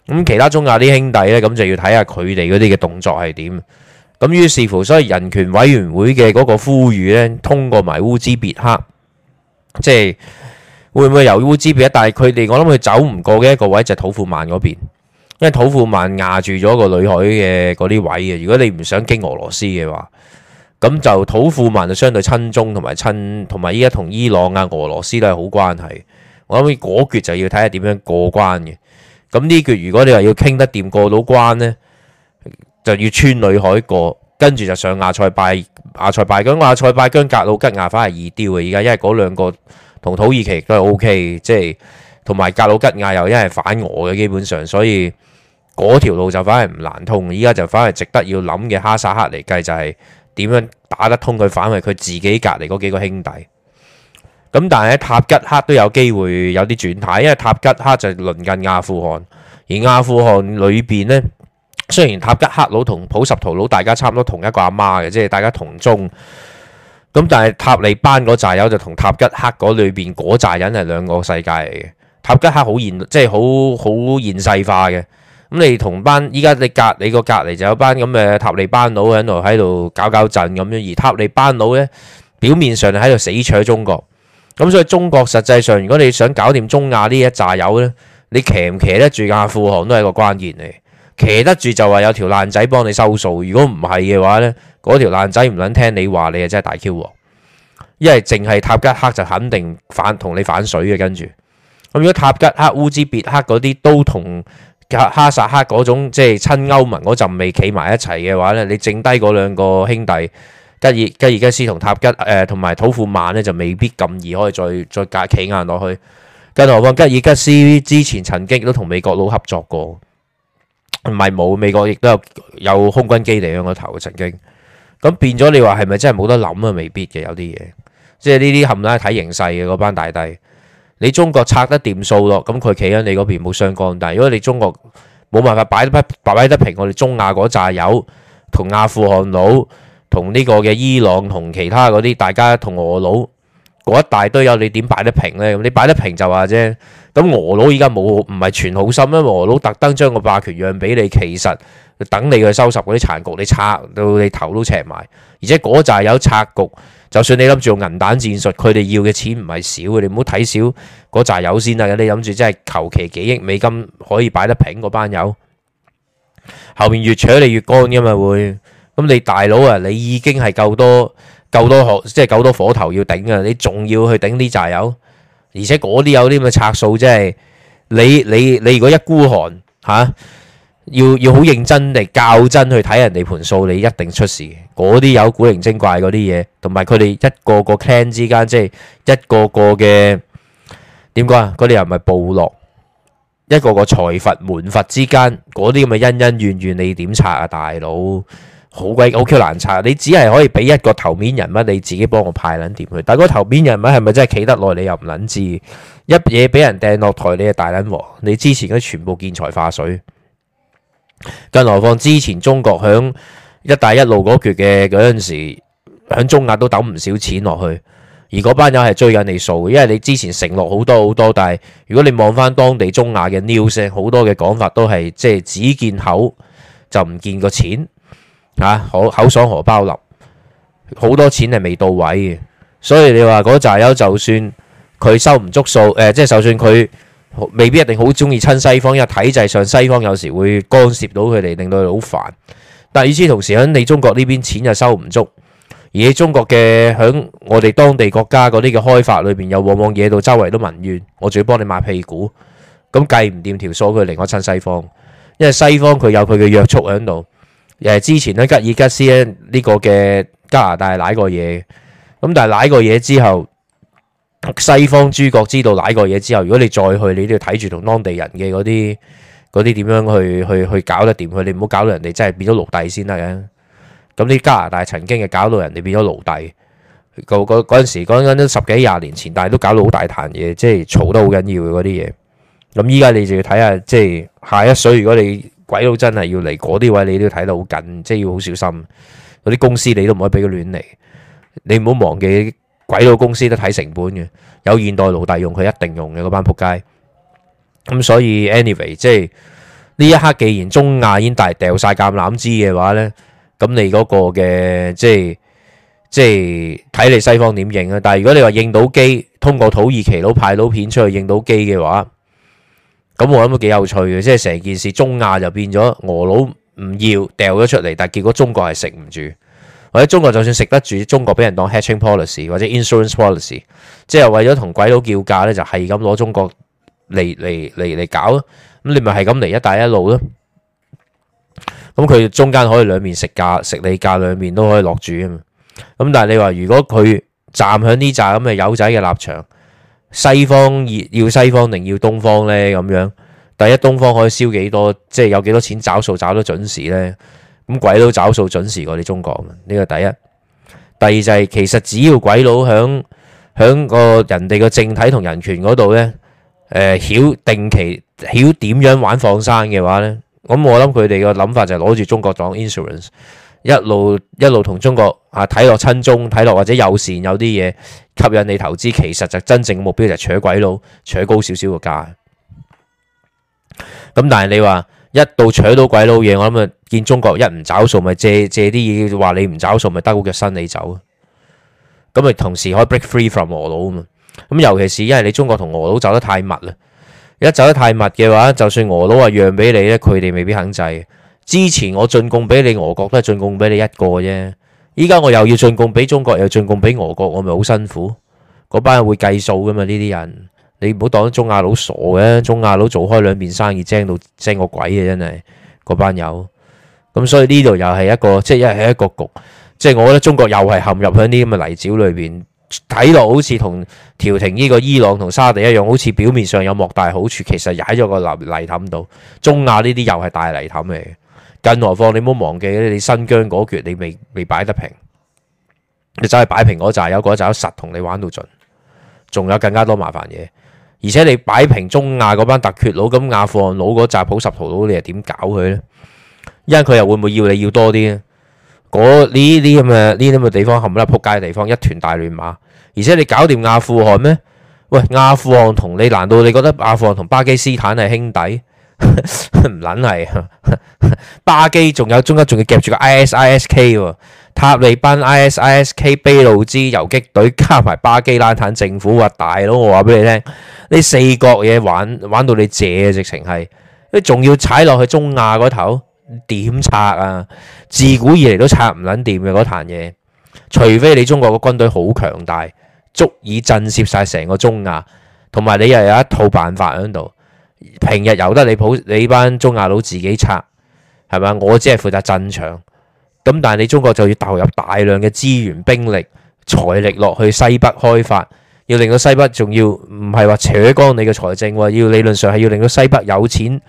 咁其他中亞啲兄弟呢，咁就要睇下佢哋嗰啲嘅動作係點。咁於是乎，所以人權委員會嘅嗰個呼籲咧，通過埋烏茲別克，即係會唔會由烏茲別克？但係佢哋，我諗佢走唔過嘅一個位就係土庫曼嗰邊，因為土庫曼壓住咗個裏海嘅嗰啲位嘅。如果你唔想經俄羅斯嘅話，咁就土庫曼就相對親中同埋親同埋依家同伊朗啊、俄羅斯都係好關係。我諗嗰決就要睇下點樣過關嘅。咁呢決如果你話要傾得掂過得到關呢。就要穿裏海過，跟住就上亞塞拜亞塞拜疆，亞塞拜疆格魯吉亞反而易掉嘅，而家因為嗰兩個同土耳其都係 OK，即係同埋格魯吉亞又因為反俄嘅基本上，所以嗰條路就反而唔難通。而家就反而值得要諗嘅哈薩克嚟計就係、是、點樣打得通佢反為佢自己隔離嗰幾個兄弟。咁但係喺塔吉克都有機會有啲轉態，因為塔吉克就鄰近阿富汗，而阿富汗裏邊呢。雖然塔吉克佬同普什圖佬大家差唔多同一個阿媽嘅，即係大家同宗。咁但係塔利班嗰扎友就同塔吉克嗰裏邊嗰扎人係兩個世界嚟嘅。塔吉克好現，即係好好現世化嘅。咁你同班依家你隔你個隔籬就有班咁嘅塔利班佬喺度喺度搞搞震咁樣，而塔利班佬呢，表面上喺度死扯中國。咁所以中國實際上如果你想搞掂中亞呢一扎友呢，你騎唔騎得住阿富汗都係一個關鍵嚟。騎得住就話有條爛仔幫你收數，如果唔係嘅話呢嗰條爛仔唔捻聽你話，你啊真係大 Q。因為淨係塔吉克就肯定反同你反水嘅，跟住咁如果塔吉克烏茲別克嗰啲都同哈薩克嗰種即係親歐盟嗰陣未企埋一齊嘅話呢你剩低嗰兩個兄弟吉爾吉爾吉斯同塔吉誒同埋土庫曼呢，就未必咁易可以再再企硬落去，更何況吉爾吉斯之前曾經都同美國佬合作過。唔係冇，美國亦都有有空軍基地喺嗰頭嘅曾經。咁變咗你話係咪真係冇得諗啊？未必嘅，有啲嘢，即係呢啲冚唥睇形勢嘅嗰班大帝。你中國拆得掂數咯，咁佢企喺你嗰邊冇相干。但係如果你中國冇辦法擺得平，擺得平我哋中亞嗰扎友同阿富汗佬同呢個嘅伊朗同其他嗰啲大家同俄佬。我一大堆有你點擺得平呢？咁你擺得平就話啫。咁俄佬而家冇唔係全好心啊？因為俄佬特登將個霸權讓俾你，其實等你去收拾嗰啲殘局，你拆到你頭都赤埋。而且嗰扎友拆局，就算你諗住用銀彈戰術，佢哋要嘅錢唔係少啊！你唔好睇少嗰扎友先啊！你諗住真係求其幾億美金可以擺得平嗰班友，後面越扯你越乾嘅嘛會。咁你大佬啊，你已經係夠多。夠多火，即係夠多火頭要頂啊！你仲要去頂啲炸友，而且嗰啲有啲咁嘅拆數，即係你你你如果一孤寒嚇、啊，要要好認真地較、真地去睇人哋盤數，你一定出事。嗰啲有古靈精怪嗰啲嘢，同埋佢哋一個個 clan 之間，即係一個個嘅點講啊？嗰啲又唔係部落，一個個財閥門閥之間，嗰啲咁嘅恩恩怨怨，你點拆啊，大佬？好鬼 O.K. 難擦，你只係可以俾一個頭面人物，你自己幫我派撚掂佢，但個頭面人物係咪真係企得耐？你又唔撚知，一嘢俾人掟落台，你係大撚鑊。你之前嗰全部見財化水，更何況之前中國響一帶一路嗰橛嘅嗰陣時，響中亞都抌唔少錢落去，而嗰班友係追緊你數，因為你之前承諾好多好多。但係如果你望翻當地中亞嘅 news，好多嘅講法都係即係只見口就唔見個錢。吓，口口爽荷包立，好多錢係未到位嘅，所以你話嗰扎友就算佢收唔足數，誒，即係就算佢未必一定好中意親西方，因為體制上西方有時會干涉到佢哋，令到佢好煩。但係與此同時，喺你中國呢邊錢又收唔足，而喺中國嘅響我哋當地國家嗰啲嘅開發裏邊，又往往惹到周圍都民怨，我仲要幫你買屁股，咁計唔掂條數，佢另外親西方，因為西方佢有佢嘅約束喺度。誒，之前咧吉爾吉斯咧呢個嘅加拿大攋過嘢，咁但係攋過嘢之後，西方諸國知道攋過嘢之後，如果你再去，你都要睇住同當地人嘅嗰啲啲點樣去去去搞得掂，佢你唔好搞到人哋真係變咗奴隸先得嘅。咁啲加拿大曾經係搞到人哋變咗奴隸，個個嗰陣時嗰陣嗰陣十幾廿年前，但係都搞到好大壇嘢，即係嘈得好緊要嘅嗰啲嘢。咁依家你就要睇下，即係下一水，如果你鬼佬真係要嚟嗰啲位，你都要睇得好緊，即係要好小心。嗰啲公司你都唔可以俾佢亂嚟。你唔好忘記，鬼佬公司都睇成本嘅。有現代老大用，佢一定用嘅嗰班撲街。咁所以 anyway，即係呢一刻既然中亞已經大掉晒橄欖枝嘅話呢，咁你嗰個嘅即係即係睇你西方點認啊！但係如果你話認到機，通過土耳其佬派到片出去認到機嘅話，咁我諗都幾有趣嘅，即係成件事中亞就變咗俄佬唔要掉咗出嚟，但係結果中國係食唔住，或者中國就算食得住，中國俾人當 hatching policy 或者 insurance policy，即係為咗同鬼佬叫價咧，就係咁攞中國嚟嚟嚟嚟搞，咁你咪係咁嚟一帶一路咯。咁佢中間可以兩面食價，食你價兩面都可以落注啊。咁但係你話如果佢站響呢扎咁嘅友仔嘅立場。西方要西方定要東方呢？咁樣，第一，東方可以燒幾多，即係有幾多錢找數找得準時呢？咁鬼佬找數準時過你中國。呢個第一，第二就係其實只要鬼佬響響個人哋個政體同人權嗰度呢，曉、嗯、定期曉點樣玩放生嘅話呢？咁我諗佢哋個諗法就係攞住中國當 insurance。一路一路同中國啊，睇落親中，睇落或者友善有，有啲嘢吸引你投資，其實就真正嘅目標就係扯鬼佬，扯高少少個價。咁但係你話一到扯到鬼佬嘢，我諗啊見中國一唔找數咪借借啲嘢，話你唔找數咪得丟腳身你走。咁咪同時可以 break free from 俄佬啊嘛。咁尤其是因為你中國同俄佬走得太密啦，一走得太密嘅話，就算俄佬話讓俾你咧，佢哋未必肯制。之前我進貢俾你俄國都係進貢俾你一個啫，依家我又要進貢俾中國，又進貢俾俄國，我咪好辛苦。嗰班人會計數噶嘛？呢啲人你唔好當中亞佬傻嘅，中亞佬做開兩邊生意，精到精個鬼啊！真係嗰班友。咁所以呢度又係一個即係一係一個局，即係我覺得中國又係陷入喺呢啲咁嘅泥沼裏邊，睇落好似同調停呢個伊朗同沙地一樣，好似表面上有莫大好處，其實踩咗個泥凼度。中亞呢啲又係大泥凼嚟。更何況你唔好忘記你新疆嗰橛你未未擺得平，你走去擺平嗰扎，有嗰紮實同你玩到盡，仲有更加多麻煩嘢。而且你擺平中亞嗰班突厥佬咁阿富汗佬嗰紮普什圖佬，你又點搞佢呢？因為佢又會唔會要你要多啲？嗰呢啲咁嘅呢啲咁嘅地方冚唪唥仆街嘅地方，一團大亂馬，而且你搞掂阿富汗咩？喂，阿富汗同你，難道你覺得阿富汗同巴基斯坦係兄弟？唔撚係，巴基仲有中間仲要夾住個 ISISK，塔利班 ISISK、卑路支游擊隊加埋巴基斯坦政府，話大佬我話俾你聽，呢四國嘢，玩玩到你謝，直情係，你仲要踩落去中亞嗰頭，點拆啊？自古以嚟都拆唔撚掂嘅嗰壇嘢，除非你中國個軍隊好強大，足以震懾晒成個中亞，同埋你又有一套辦法喺度。平日由得你普你班中亞佬自己拆，係咪？我只係負責鎮場。咁但係你中國就要投入大量嘅資源、兵力、財力落去西北開發，要令到西北仲要唔係話扯光你嘅財政，要理論上係要令到西北有錢，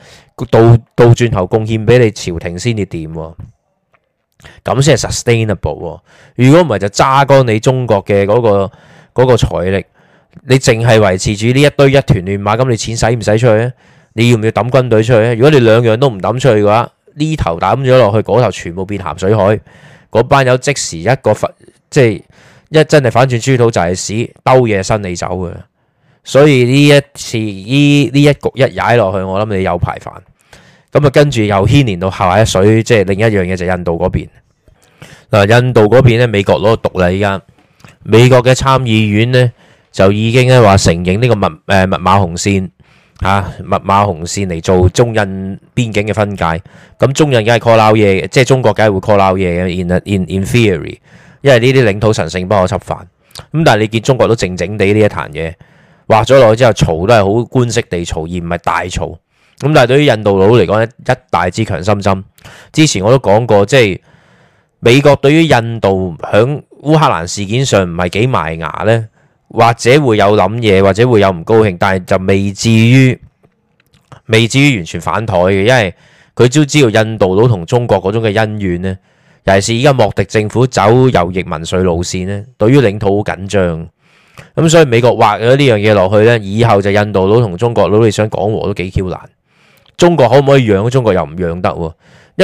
到到轉頭貢獻俾你朝廷先至掂。咁先係 sustainable。如果唔係就揸乾你中國嘅嗰個嗰個財力。你淨係維持住呢一堆一團亂麻，咁你錢使唔使出去？你要唔要抌軍隊出去？如果你兩樣都唔抌出去嘅話，呢頭抌咗落去，嗰頭全部變鹹水海。嗰班友即時一個即係一真係反轉豬肚就係屎兜嘢伸你走噶。所以呢一次呢呢一局一踩落去，我諗你有排煩咁啊。跟住又牽連到下下水，即係另一樣嘢就係印度嗰邊嗱。印度嗰邊咧，美國攞到毒啦。依家美國嘅參議院呢，就已經咧話承認呢個麥誒麥馬洪線啊，麥馬洪線嚟做中印邊境嘅分界。咁中印梗係 call o 嘢，即係中國梗係會 call o 嘢嘅。In, in in theory，因為呢啲領土神聖不可侵犯。咁但係你見中國都靜靜地呢一壇嘢畫咗落去之後，嘈都係好官式地嘈，而唔係大嘈。咁但係對於印度佬嚟講一大支強心針。之前我都講過，即係美國對於印度響烏克蘭事件上唔係幾埋牙咧。或者會有諗嘢，或者會有唔高興，但係就未至於未至於完全反台嘅，因為佢都知道印度佬同中國嗰種嘅恩怨呢，尤其是依家莫迪政府走右翼民粹路線呢，對於領土好緊張。咁所以美國畫咗呢樣嘢落去呢，以後就印度佬同中國佬你想講和都幾 Q 難。中國可唔可以讓？中國又唔讓得喎，因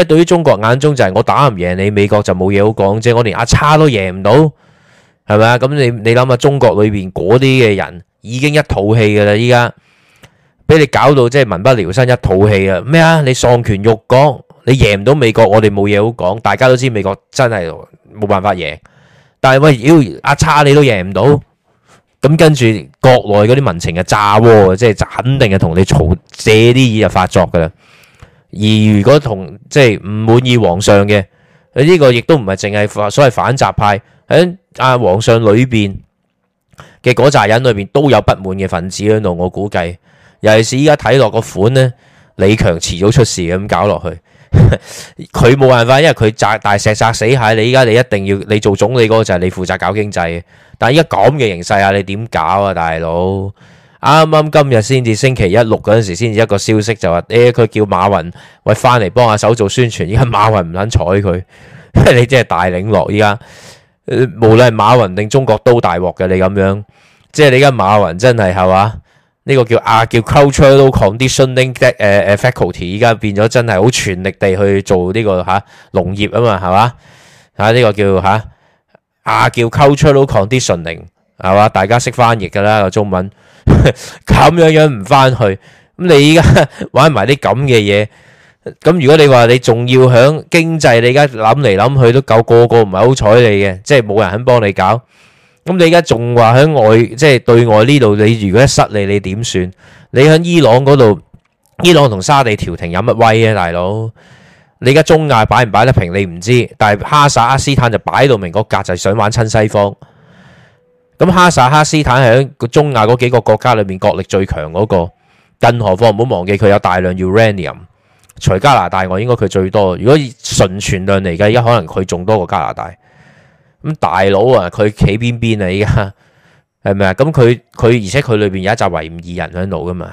為對於中國眼中就係我打唔贏你，美國就冇嘢好講啫，即係我連阿叉都贏唔到。係咪啊？咁你你諗下，中國裏邊嗰啲嘅人已經一套戲噶啦，依家俾你搞到即係民不聊生一套戲啊！咩啊？你喪權辱國，你贏唔到美國，我哋冇嘢好講，大家都知美國真係冇辦法贏。但係喂，妖、啊，阿叉你都贏唔到，咁跟住國內嗰啲民情啊炸鍋，即係肯定係同你嘈。借啲嘢就發作噶啦。而如果同即係唔滿意皇上嘅，你呢個亦都唔係淨係所謂反習派。喺阿皇上裏邊嘅嗰扎人裏邊都有不滿嘅分子喺度。我估計，尤其是依家睇落個款呢，李強遲早出事，咁搞落去，佢 [LAUGHS] 冇辦法，因為佢砸大石砸死蟹。你依家你一定要你做總理嗰個就係你負責搞經濟，但係依家咁嘅形勢啊，你點搞啊，大佬？啱啱今日先至星期一六嗰陣時先至一個消息就話誒，佢、欸、叫馬雲喂翻嚟幫下手做宣傳，依家馬雲唔肯睬佢， [LAUGHS] 你真係大領落依家。無論係馬雲定中國都大鑊嘅。你咁樣，即係你而家馬雲真係係嘛？呢、呢個叫啊叫 culture conditioning t h faculty，而家變咗真係好全力地去做呢個嚇農業啊嘛，係嘛？啊呢個叫嚇啊叫 culture conditioning 係嘛？大家識翻譯㗎啦，中文咁 [LAUGHS] 樣樣唔翻去，咁你而家玩埋啲咁嘅嘢。咁如果你話你仲要響經濟，你而家諗嚟諗去都夠個個唔係好彩你嘅，即係冇人肯幫你搞。咁你而家仲話響外，即係對外呢度，你如果一失利，你點算？你響伊朗嗰度，伊朗同沙地調停有乜威啊？大佬，你而家中亞擺唔擺得平，你唔知，但係哈薩克斯坦就擺到明嗰格就係想玩親西方。咁哈薩克斯坦係響中亞嗰幾個國家裏面，國力最強嗰個，更何況唔好忘記佢有大量 uranium。除加拿大外，我應該佢最多。如果以純存量嚟嘅，而家可能佢仲多過加拿大。咁大佬啊，佢企邊邊啊？而家係咪啊？咁佢佢，而且佢裏邊有一紮維吾爾人喺度噶嘛？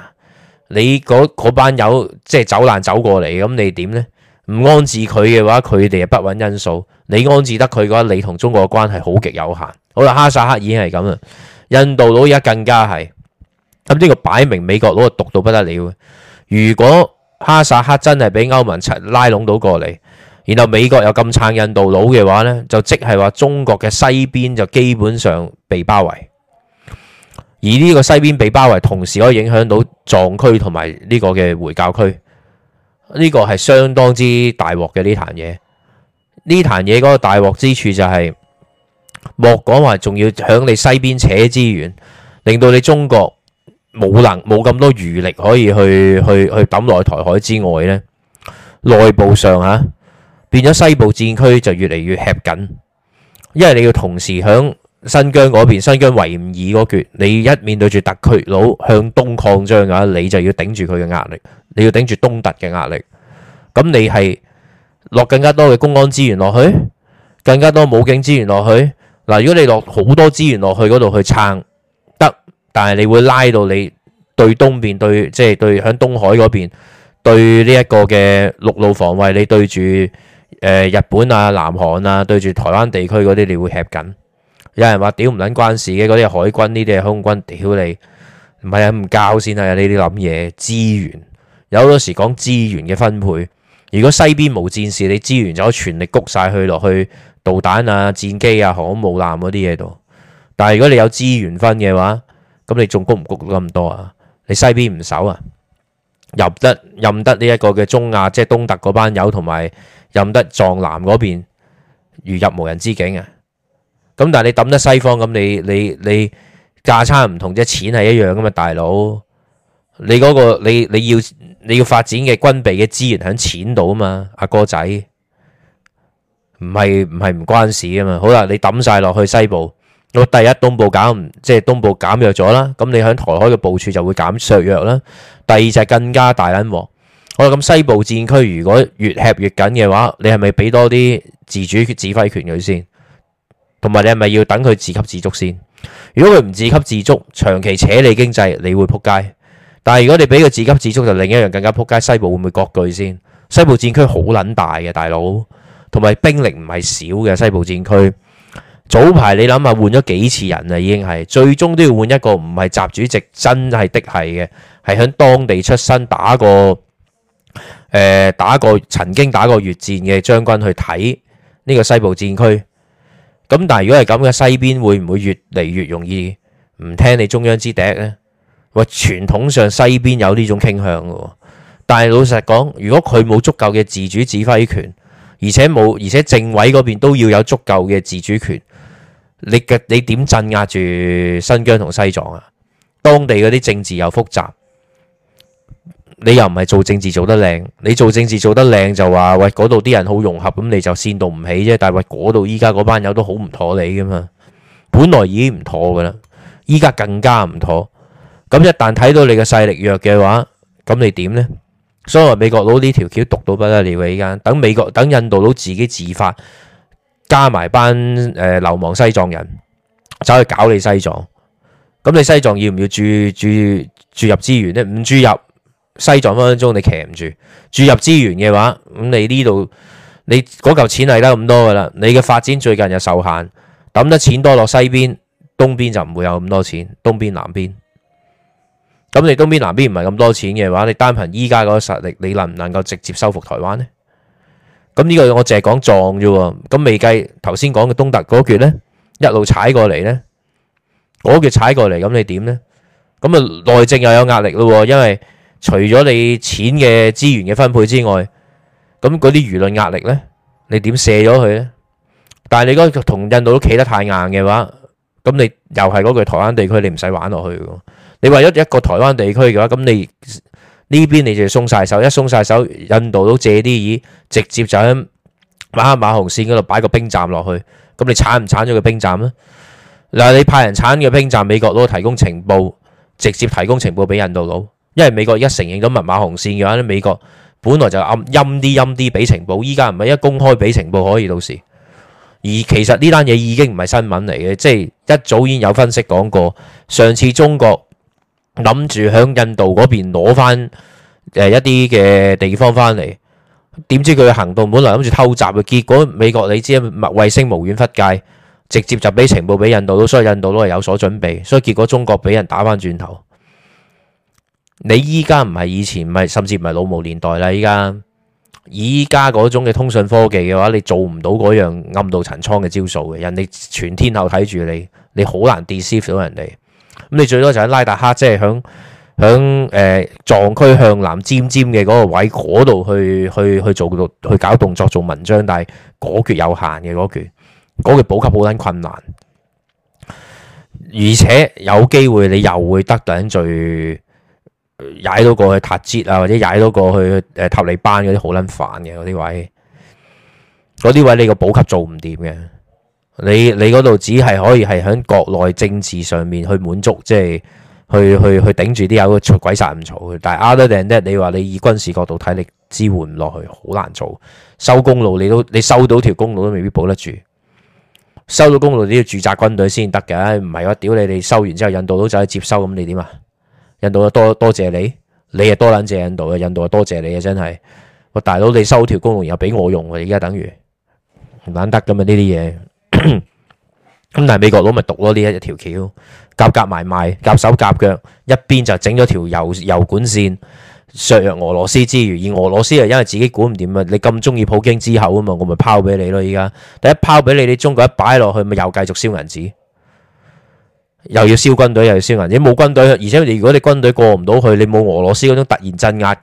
你嗰班友即係走難走過嚟，咁你點呢？唔安置佢嘅話，佢哋嘅不穩因素。你安置得佢嘅話，你同中國嘅關係好極有限。好啦，哈薩克已經係咁啦，印度佬而家更加係。咁呢個擺明美國佬係毒到不得了。如果哈薩克真係俾歐盟拉攏到過嚟，然後美國又咁撐印度佬嘅話呢，就即係話中國嘅西邊就基本上被包圍，而呢個西邊被包圍，同時可以影響到藏區同埋呢個嘅回教區，呢個係相當之大鑊嘅呢壇嘢。呢壇嘢嗰個大鑊之處就係莫講話，仲要響你西邊扯資源，令到你中國。冇能冇咁多餘力可以去去去抌落台海之外呢，內部上啊，變咗西部戰區就越嚟越吃緊，因為你要同時響新疆嗰邊、新疆維吾爾嗰橛，你一面對住特區佬向東擴張嘅話，你就要頂住佢嘅壓力，你要頂住東突嘅壓力，咁你係落更加多嘅公安資源落去，更加多武警資源落去，嗱，如果你落好多資源落去嗰度去撐得。但係你會拉到你對東邊對即係、就是、對響東海嗰邊對呢一個嘅陸路防衞，你對住誒、呃、日本啊、南韓啊，對住台灣地區嗰啲，你會吃緊。有人話屌唔撚關事嘅，嗰啲係海軍，呢啲係空軍，屌你！唔係啊，唔教先啊，呢啲諗嘢資源有好多時講資源嘅分配。如果西邊冇戰事，你資源就可以全力谷晒去落去導彈啊、戰機啊、航空母艦嗰啲嘢度。但係如果你有資源分嘅話，咁你仲谷唔谷咁多啊？你西邊唔守啊？入得任得呢一個嘅中亞，即係東突嗰班友，同埋任得藏南嗰邊如入無人之境啊！咁但係你抌得西方，咁你你你架撐唔同，即係錢係一樣噶嘛，大佬。你嗰個你你要你要發展嘅軍備嘅資源喺錢度啊嘛，阿哥仔，唔係唔係唔關事啊嘛。好啦，你抌晒落去西部。我第一，東部減，即係東部減弱咗啦，咁你喺台海嘅部署就會減削弱啦。第二就係更加大撚喎。好喇，咁西部戰區如果越吃越緊嘅話，你係咪俾多啲自主指揮權佢先？同埋你係咪要等佢自給自足先？如果佢唔自給自足，長期扯你經濟，你會撲街。但係如果你俾佢自給自足，就另一樣更加撲街。西部會唔會割據先？西部戰區好撚大嘅大佬，同埋兵力唔係少嘅西部戰區。早排你諗下換咗幾次人啦，已經係最終都要換一個唔係習主席真係嘅嫡系嘅，係響當地出身打過誒、呃，打過曾經打過越戰嘅將軍去睇呢個西部戰區。咁但係如果係咁嘅，西邊會唔會越嚟越容易唔聽你中央之笛呢？喂，傳統上西邊有呢種傾向嘅，但係老實講，如果佢冇足夠嘅自主指揮權，而且冇而且政委嗰邊都要有足夠嘅自主權。你嘅，你點鎮壓住新疆同西藏啊？當地嗰啲政治又複雜，你又唔係做政治做得靚，你做政治做得靚就話喂嗰度啲人好融合，咁你就煽動唔起啫。但係喂嗰度依家嗰班友都好唔妥你噶嘛，本來已經唔妥噶啦，依家更加唔妥。咁一旦睇到你嘅勢力弱嘅話，咁你點呢？所以美國佬呢條橋毒到不得了依家，等美國等印度佬自己自發。加埋班，誒流亡西藏人走去搞你西藏，咁你西藏要唔要注注注入資源咧？唔注入西藏分分鐘你騎唔住，注入資源嘅話，咁你呢度你嗰嚿錢係得咁多噶啦，你嘅發展最近又受限，揼得錢多落西邊，東邊就唔會有咁多錢，東邊南邊。咁你東邊南邊唔係咁多錢嘅話，你單憑依家嗰個實力，你能唔能夠直接收復台灣呢？咁呢個我淨係講撞啫喎，咁未計頭先講嘅東段嗰橛咧，一路踩過嚟咧，嗰橛踩過嚟，咁你點咧？咁啊內政又有壓力咯，因為除咗你錢嘅資源嘅分配之外，咁嗰啲輿論壓力咧，你點卸咗佢咧？但係你嗰個同印度都企得太硬嘅話，咁你又係嗰句台灣地區你唔使玩落去嘅喎，你為咗一個台灣地區嘅話，咁你。呢邊你就鬆晒手，一鬆晒手，印度佬借啲意，直接就喺麥馬洪線嗰度擺個兵站落去，咁你鏟唔鏟咗個兵站咧？嗱，你派人鏟咗個兵站，美國佬提供情報，直接提供情報俾印度佬，因為美國一承認咗麥馬洪線嘅話，呢美國本來就暗陰啲陰啲俾情報，依家唔係一公開俾情報可以到時，而其實呢單嘢已經唔係新聞嚟嘅，即係一早已經有分析講過，上次中國。諗住喺印度嗰邊攞翻，誒一啲嘅地方翻嚟，點知佢嘅行動本來諗住偷襲嘅，結果美國你知啊，衛星無遠弗屆，直接就俾情報俾印度，所以印度都係有所準備，所以結果中國俾人打翻轉頭。你依家唔係以前，唔係甚至唔係老毛年代啦，依家依家嗰種嘅通訊科技嘅話，你做唔到嗰樣暗度陳倉嘅招數嘅，人哋全天候睇住你，你好難 deceive 到人哋。咁你最多就喺拉達克，即係喺喺誒藏區向南尖尖嘅嗰個位嗰度去去去做到去搞動作做文章，但係嗰橛有限嘅嗰橛，嗰橛補給好撚困難，而且有機會你又會得兩聚踩到過去塔吉啊，或者踩到過去誒、呃、塔利班嗰啲好撚煩嘅嗰啲位，嗰啲位你個補給做唔掂嘅。你你嗰度只係可以係喺國內政治上面去滿足，即係去去去頂住啲有個鬼殺唔嘈嘅。但係 other than that，你話你以軍事角度睇，你支援唔落去，好難做。修公路你都你修到條公路都未必保得住，修到公路你要駐紮軍隊先得嘅。唔係嘅話，屌你！你修完之後，印度佬就去接收，咁你點啊？印度啊多多謝你，你啊多卵謝印度啊！印度啊多謝你啊！真係，我大佬你修條公路然後又俾我用啊！而家等於唔卵得噶嘛呢啲嘢。咁 [COUGHS] 但係美國佬咪獨咯，呢一條橋夾夾埋埋夾手夾腳，一邊就整咗條油油管綫，削弱俄羅斯之餘，而俄羅斯又因為自己管唔掂啊，你咁中意普京之後啊嘛，我咪拋俾你咯。依家，第一拋俾你，你中國一擺落去咪又繼續燒銀紙，又要燒軍隊，又要燒銀。你冇軍隊，而且如果你軍隊過唔到去，你冇俄羅斯嗰種突然鎮壓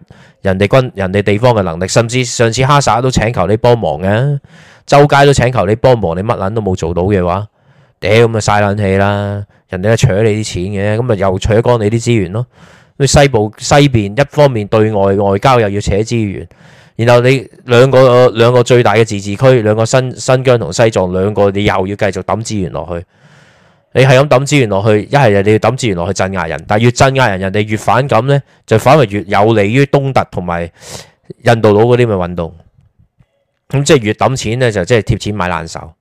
人哋軍人哋地方嘅能力，甚至上次哈薩都請求你幫忙嘅。周街都請求你幫忙，你乜撚都冇做到嘅話，屌咁啊嘥冷氣啦！人哋係取咗你啲錢嘅，咁咪又取咗你啲資源咯。西部西邊一方面對外外交又要扯資源，然後你兩個兩個最大嘅自治區，兩個新新疆同西藏兩個，你又要繼續抌資源落去。你係咁抌資源落去，一係就你要抌資源落去鎮壓人，但越鎮壓人人哋越反感呢，就反而越有利於東突同埋印度佬嗰啲咪運動。咁即係越抌錢咧，就即係貼錢買難受。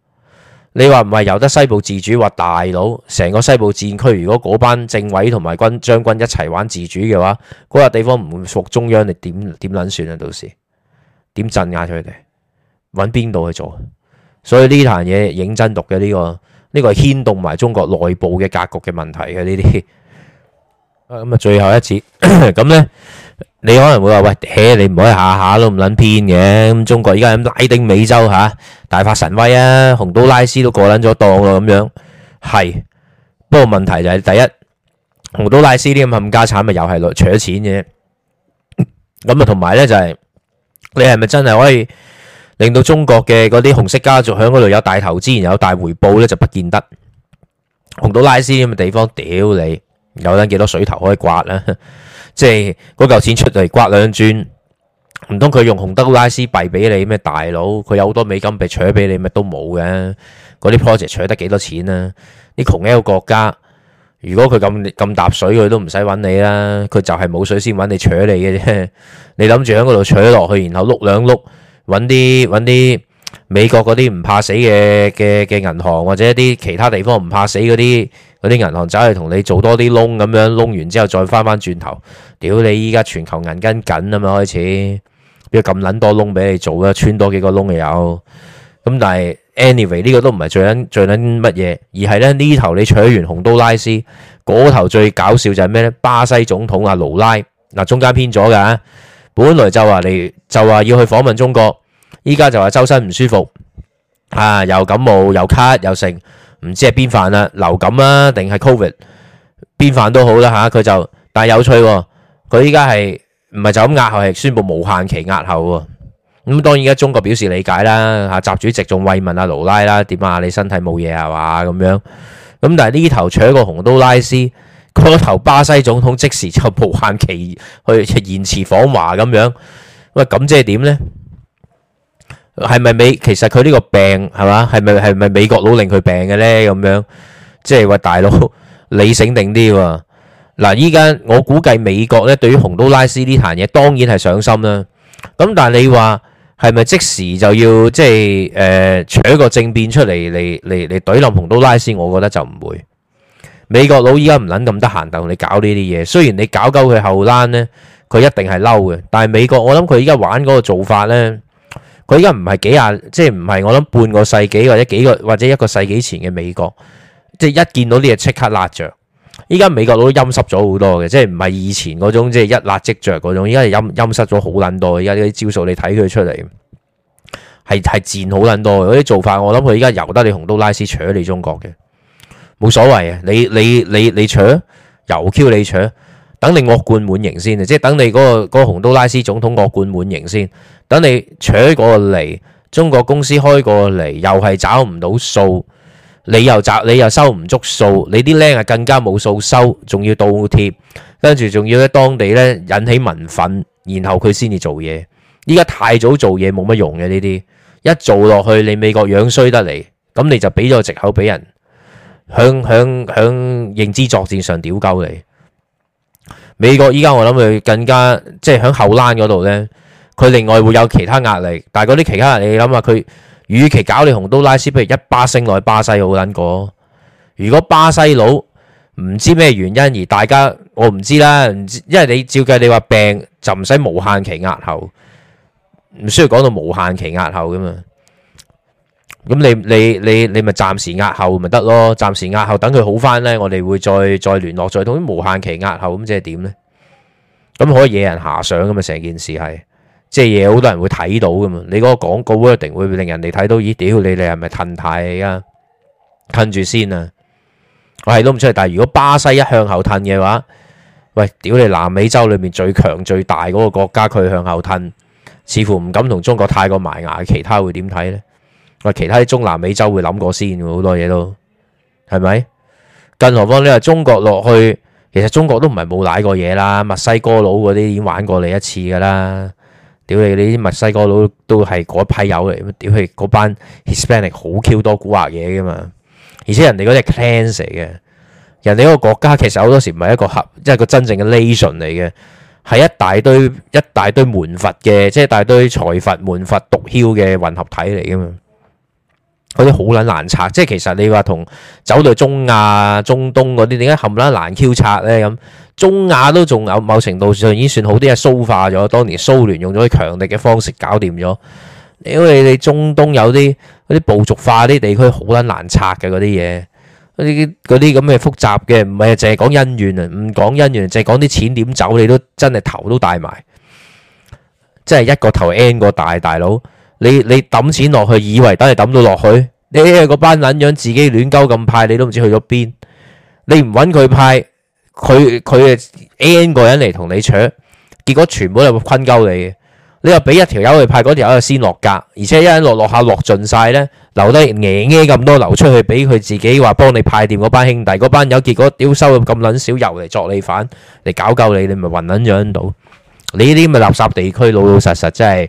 你話唔係由得西部自主，話大佬成個西部戰區，如果嗰班政委同埋軍將軍一齊玩自主嘅話，嗰、嗰個地方唔服中央，你點點捻算啊？到時點鎮壓佢哋？揾邊度去做？所以呢壇嘢認真讀嘅呢、這個呢個係牽動埋中國內部嘅格局嘅問題嘅呢啲。咁啊，最後一次咁 [LAUGHS] 呢。你可能會話喂，你唔可以下下都唔捻偏嘅咁。中國而家咁拉丁美洲吓大發神威啊，洪都拉斯都過捻咗檔咯咁樣係。不過問題就係第一，洪都拉斯啲咁冚家產咪又係攞取咗錢嘅，咁啊同埋咧就係你係咪真係可以令到中國嘅嗰啲紅色家族喺嗰度有大投資，然後有大回報咧，就不見得，洪都拉斯咁嘅地方，屌你有捻幾多水頭可以刮咧？即係嗰嚿錢出嚟刮兩轉，唔通佢用洪德拉斯幣俾你咩大佬？佢有好多美金俾取俾你，咩都冇嘅。嗰啲 project 取得幾多錢啊？啲窮 L 國家，如果佢咁咁搭水，佢都唔使揾你啦。佢就係冇水先揾你取你嘅啫。你諗住喺嗰度取落去，然後碌兩碌，揾啲揾啲美國嗰啲唔怕死嘅嘅嘅銀行，或者一啲其他地方唔怕死嗰啲。嗰啲銀行走去同你做多啲窿咁樣，窿完之後再翻翻轉頭，屌你依家全球銀根緊啊嘛，開始邊咁撚多窿俾你做啊，穿多幾個窿又有。咁但係 anyway 呢個都唔係最撚最撚乜嘢，而係咧呢頭你取完洪都拉斯，嗰頭最搞笑就係咩咧？巴西總統阿盧拉嗱，中間偏咗㗎，本來就話你就話要去訪問中國，依家就話周身唔舒服啊，又感冒又咳又剩。唔知係邊瓣啦，流感啦，定係 Covid，邊瓣都好啦嚇，佢就但係有趣喎，佢依家係唔係就咁押後，係宣布無限期押後喎。咁當然而家中國表示理解啦，嚇習主席仲慰問啊盧拉啦，點啊你身體冇嘢係嘛咁樣。咁但係呢頭搶個洪都拉斯，嗰頭巴西總統即時就無限期去延遲訪華咁樣，喂咁即係點呢？係咪美？其實佢呢個病係嘛？係咪係咪美國佬令佢病嘅咧？咁樣即係話大佬， [LAUGHS] 你醒定啲喎。嗱，依家我估計美國咧對於洪都拉斯呢壇嘢，當然係上心啦。咁但係你話係咪即時就要即係誒，取、呃、一個政變出嚟，嚟嚟嚟懟冧洪都拉斯，我覺得就唔會。美國佬依家唔捻咁得閒，同你搞呢啲嘢。雖然你搞鳩佢後欄咧，佢一定係嬲嘅。但係美國，我諗佢依家玩嗰個做法咧。佢而家唔係幾廿，即係唔係我諗半個世紀或者幾個或者一個世紀前嘅美國，即係一見到呢嘢即刻辣着。依家美國佬陰濕咗好多嘅，即係唔係以前嗰種即係一辣即着嗰種。依家係陰陰濕咗好撚多。依家啲招數你睇佢出嚟，係係賤好撚多嗰啲做法。我諗佢而家由得你洪都拉斯搶你中國嘅，冇所謂啊！你你你你搶，由 Q 你搶，等你惡貫滿盈先，即係等你嗰、那個嗰、那個洪都、那個、拉斯總統惡貫滿盈先。等你扯過嚟，中國公司開過嚟，又係找唔到數，你又找，你又收唔足數，你啲靚啊更加冇數收，仲要倒貼，跟住仲要喺當地咧引起民憤，然後佢先至做嘢。依家太早做嘢冇乜用嘅呢啲，一做落去你美國樣衰得嚟，咁你就俾咗個藉口俾人，響響響認知作戰上屌鳩你。美國依家我諗佢更加即係響後欄嗰度咧。佢另外會有其他壓力，但係嗰啲其他人你諗下，佢與其搞你洪都拉斯，譬如一巴升落去巴西好撚過。如果巴西佬唔知咩原因，而大家我唔知啦，唔知，因為你照計你話病就唔使無限期壓後，唔需要講到無限期壓後噶嘛。咁你你你你咪暫時壓後咪得咯，暫時壓後等佢好翻咧，我哋會再再聯絡再同啲無限期壓後咁即係點咧？咁可以惹人遐想噶嘛成件事係。即係嘢，好多人會睇到噶嘛。你嗰個廣告一定會，會令人哋睇到，咦？屌你哋係咪褪太啊？褪住先啊！我、哎、係都唔出嚟。但係如果巴西一向後褪嘅話，喂，屌你南美洲裏面最強最大嗰個國家，佢向後褪，似乎唔敢同中國太過埋牙，其他會點睇呢？喂，其他啲中南美洲會諗過先，好多嘢都係咪？更何況你話中國落去，其實中國都唔係冇奶過嘢啦。墨西哥佬嗰啲已經玩過你一次㗎啦。屌你！你啲墨西哥佬都係嗰一批友嚟，屌佢嗰班 Hispanic 好 Q 多古惑嘢噶嘛！而且人哋嗰隻 clans 嚟嘅，人哋嗰個國家其實好多時唔係一個合，即係個真正嘅 nation 嚟嘅，係一大堆一大堆門閥嘅，即係一大堆財閥、門閥、毒梟嘅混合體嚟噶嘛！嗰啲好撚難拆，即係其實你話同走到中亞、中東嗰啲，點解冚撚難 Q 拆咧咁？中亞都仲有某程度上，已經算好啲，係蘇化咗。當年蘇聯用咗強力嘅方式搞掂咗。因為你中東有啲嗰啲部族化啲地區好撚難拆嘅嗰啲嘢，嗰啲嗰啲咁嘅複雜嘅，唔係淨係講恩怨啊，唔講恩怨，淨係講啲錢點走，你都真係頭都大埋。真係一個頭 N 個大，大佬，你你抌錢落去，以為等係抌到落去，你嗰班撚樣自己亂鳩咁派，你都唔知去咗邊，你唔揾佢派。佢佢 a n 個人嚟同你搶，結果全部都係困鳩你嘅。你話俾一條友去派，嗰條友又先落格，而且一人落落下落盡晒咧，留低嘅咁多留出去俾佢自己話幫你派掂嗰班兄弟，嗰班友結果屌收咁卵少油，油嚟作你反嚟搞鳩你，你咪暈卵樣度？你呢啲咪垃圾地區，老老實實真係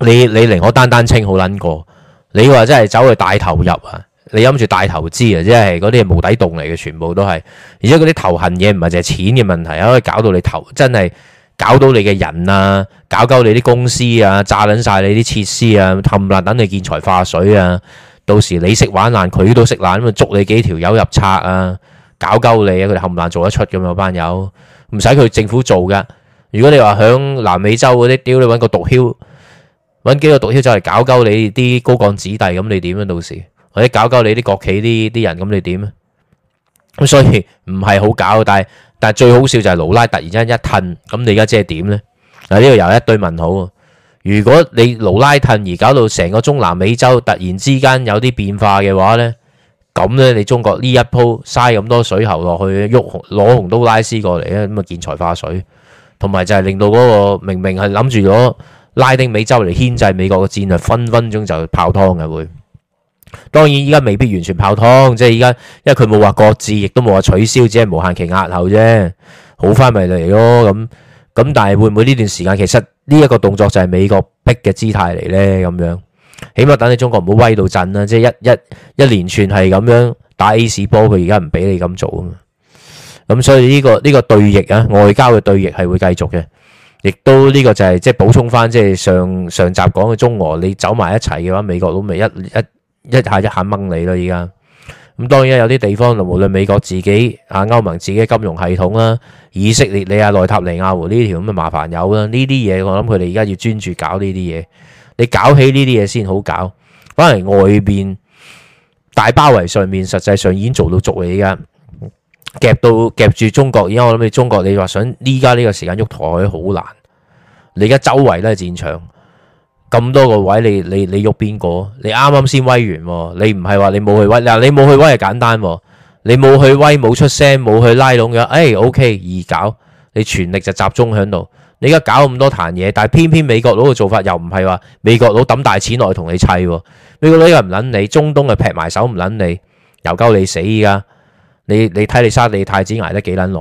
你你嚟我單單清好卵過。你話真係走去大投入啊！你諗住大投資啊！即係嗰啲係無底洞嚟嘅，全部都係。而且嗰啲頭痕嘢唔係淨係錢嘅問題，可以搞到你頭真係搞到你嘅人啊，搞鳩你啲公司啊，炸撚晒你啲設施啊，冚唪唥等你見財化水啊。到時你識玩爛，佢都識爛，咁啊捉你幾條友入冊啊，搞鳩你啊！佢哋冚唪唥做得出咁有班友，唔使佢政府做㗎。如果你話響南美洲嗰啲，屌你揾個毒梟，揾幾個毒梟走嚟搞鳩你啲高幹子弟，咁你點啊？到時。或者搞搞你啲國企啲啲人，咁你點啊？咁所以唔係好搞，但係但係最好笑就係盧拉突然之間一褪，咁你而家即係點咧？嗱，呢度又一堆問號。如果你盧拉褪而搞到成個中南美洲突然之間有啲變化嘅話咧，咁咧你中國呢一鋪嘥咁多水喉落去喐攞洪都拉斯過嚟咧，咁啊見財化水，同埋就係令到嗰個明明係諗住攞拉丁美洲嚟牽制美國嘅戰略，分分鐘就泡湯嘅會。當然依家未必完全泡湯，即係依家，因為佢冇話擱置，亦都冇話取消，只係無限期押後啫。好翻咪嚟咯咁咁，但係會唔會呢段時間其實呢一個動作就係美國逼嘅姿態嚟呢？咁樣起碼等你中國唔好威到震啦，即係一一一連串係咁樣打 A 市波，佢而家唔俾你咁做啊。咁所以呢個呢個對弈啊，外交嘅對弈係會繼續嘅，亦都呢個就係即係補充翻，即係上上集講嘅中俄，你走埋一齊嘅話，美國都未一一。一一一下一下掹你咯，而家咁當然有啲地方，無論美國自己、啊歐盟自己金融系統啦、以色列、你啊內塔尼亞胡呢條咁嘅麻煩友啦，呢啲嘢我諗佢哋而家要專注搞呢啲嘢，你搞起呢啲嘢先好搞，反而外邊大包圍上面實際上已經做到足，你而家夾到夾住中國，而家我諗你中國，你話想呢家呢個時間喐台好難，你而家周圍都係戰場。咁多個位，你你你喐邊個？你啱啱先威完喎，你唔係話你冇去威嗱，你冇去威係簡單，你冇去威冇出聲冇去拉攏嘅，誒，O K，易搞，你全力就集中喺度。你而家搞咁多壇嘢，但係偏偏美國佬嘅做法又唔係話美國佬抌大錢落去同你砌，美國佬又唔捻你，中東又劈埋手唔捻你，又夠你死依家。你你睇你沙地太子挨得幾捻耐？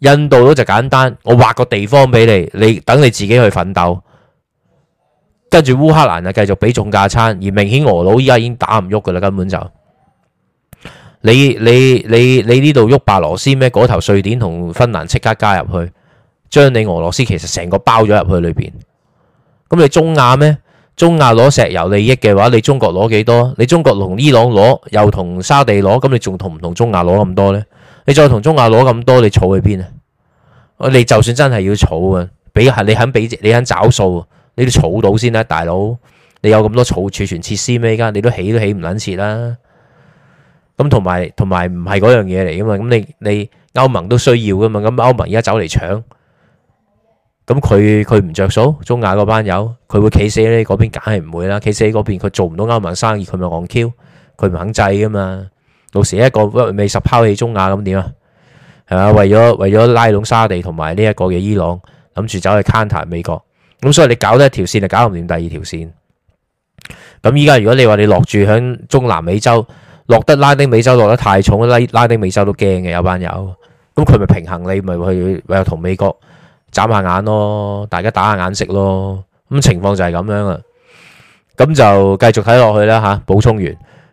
印度佬就簡單，我劃個地方俾你，你等你自己去奮鬥。跟住烏克蘭啊，繼續俾重價餐，而明顯俄佬依家已經打唔喐噶啦，根本就你你你你呢度喐白羅斯咩？嗰頭瑞典同芬蘭即刻加入去，將你俄羅斯其實成個包咗入去裏邊。咁你中亞咩？中亞攞石油利益嘅話，你中國攞幾多？你中國同伊朗攞，又同沙地攞，咁你仲同唔同中亞攞咁多呢？你再同中亞攞咁多，你儲喺邊啊？你就算真係要儲啊，俾係你肯俾，你肯找數。你都儲到先啦，大佬！你有咁多儲儲存設施，咩依家你都起都起唔撚切啦。咁同埋同埋唔係嗰樣嘢嚟噶嘛？咁你你歐盟都需要噶嘛？咁歐盟而家走嚟搶，咁佢佢唔著數？中亞嗰班友，佢會企死喺呢邊，梗係唔會啦！企死喺嗰邊，佢做唔到歐盟生意，佢咪戇 Q，佢唔肯制噶嘛？到時一個未實拋棄中亞，咁點啊？係咪？為咗為咗拉攏沙地同埋呢一個嘅伊朗，諗住走去 counter 美國。咁、嗯、所以你搞得一條線就搞唔掂第二條線。咁依家如果你話你落住響中南美洲，落得拉丁美洲落得太重，拉拉丁美洲都驚嘅有班友。咁佢咪平衡你咪去，唯有同美國眨下眼咯，大家打下眼色咯。咁、嗯、情況就係咁樣、嗯、啊。咁就繼續睇落去啦吓，補充完。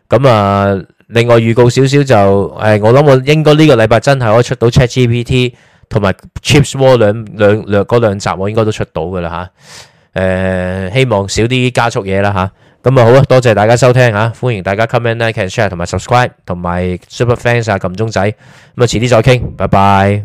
咁、嗯、啊，另外預告少少就，誒、欸，我諗我應該呢個禮拜真係可以出到 ChatGPT。同埋 Chips War 兩,兩,兩,兩集我應該都出到嘅啦吓，誒、啊、希望少啲加速嘢啦吓，咁啊好啊，多謝大家收聽吓、啊，歡迎大家 comment like、and share 同埋 subscribe 同埋 super thanks 啊，撳鐘仔，咁啊遲啲再傾，拜拜。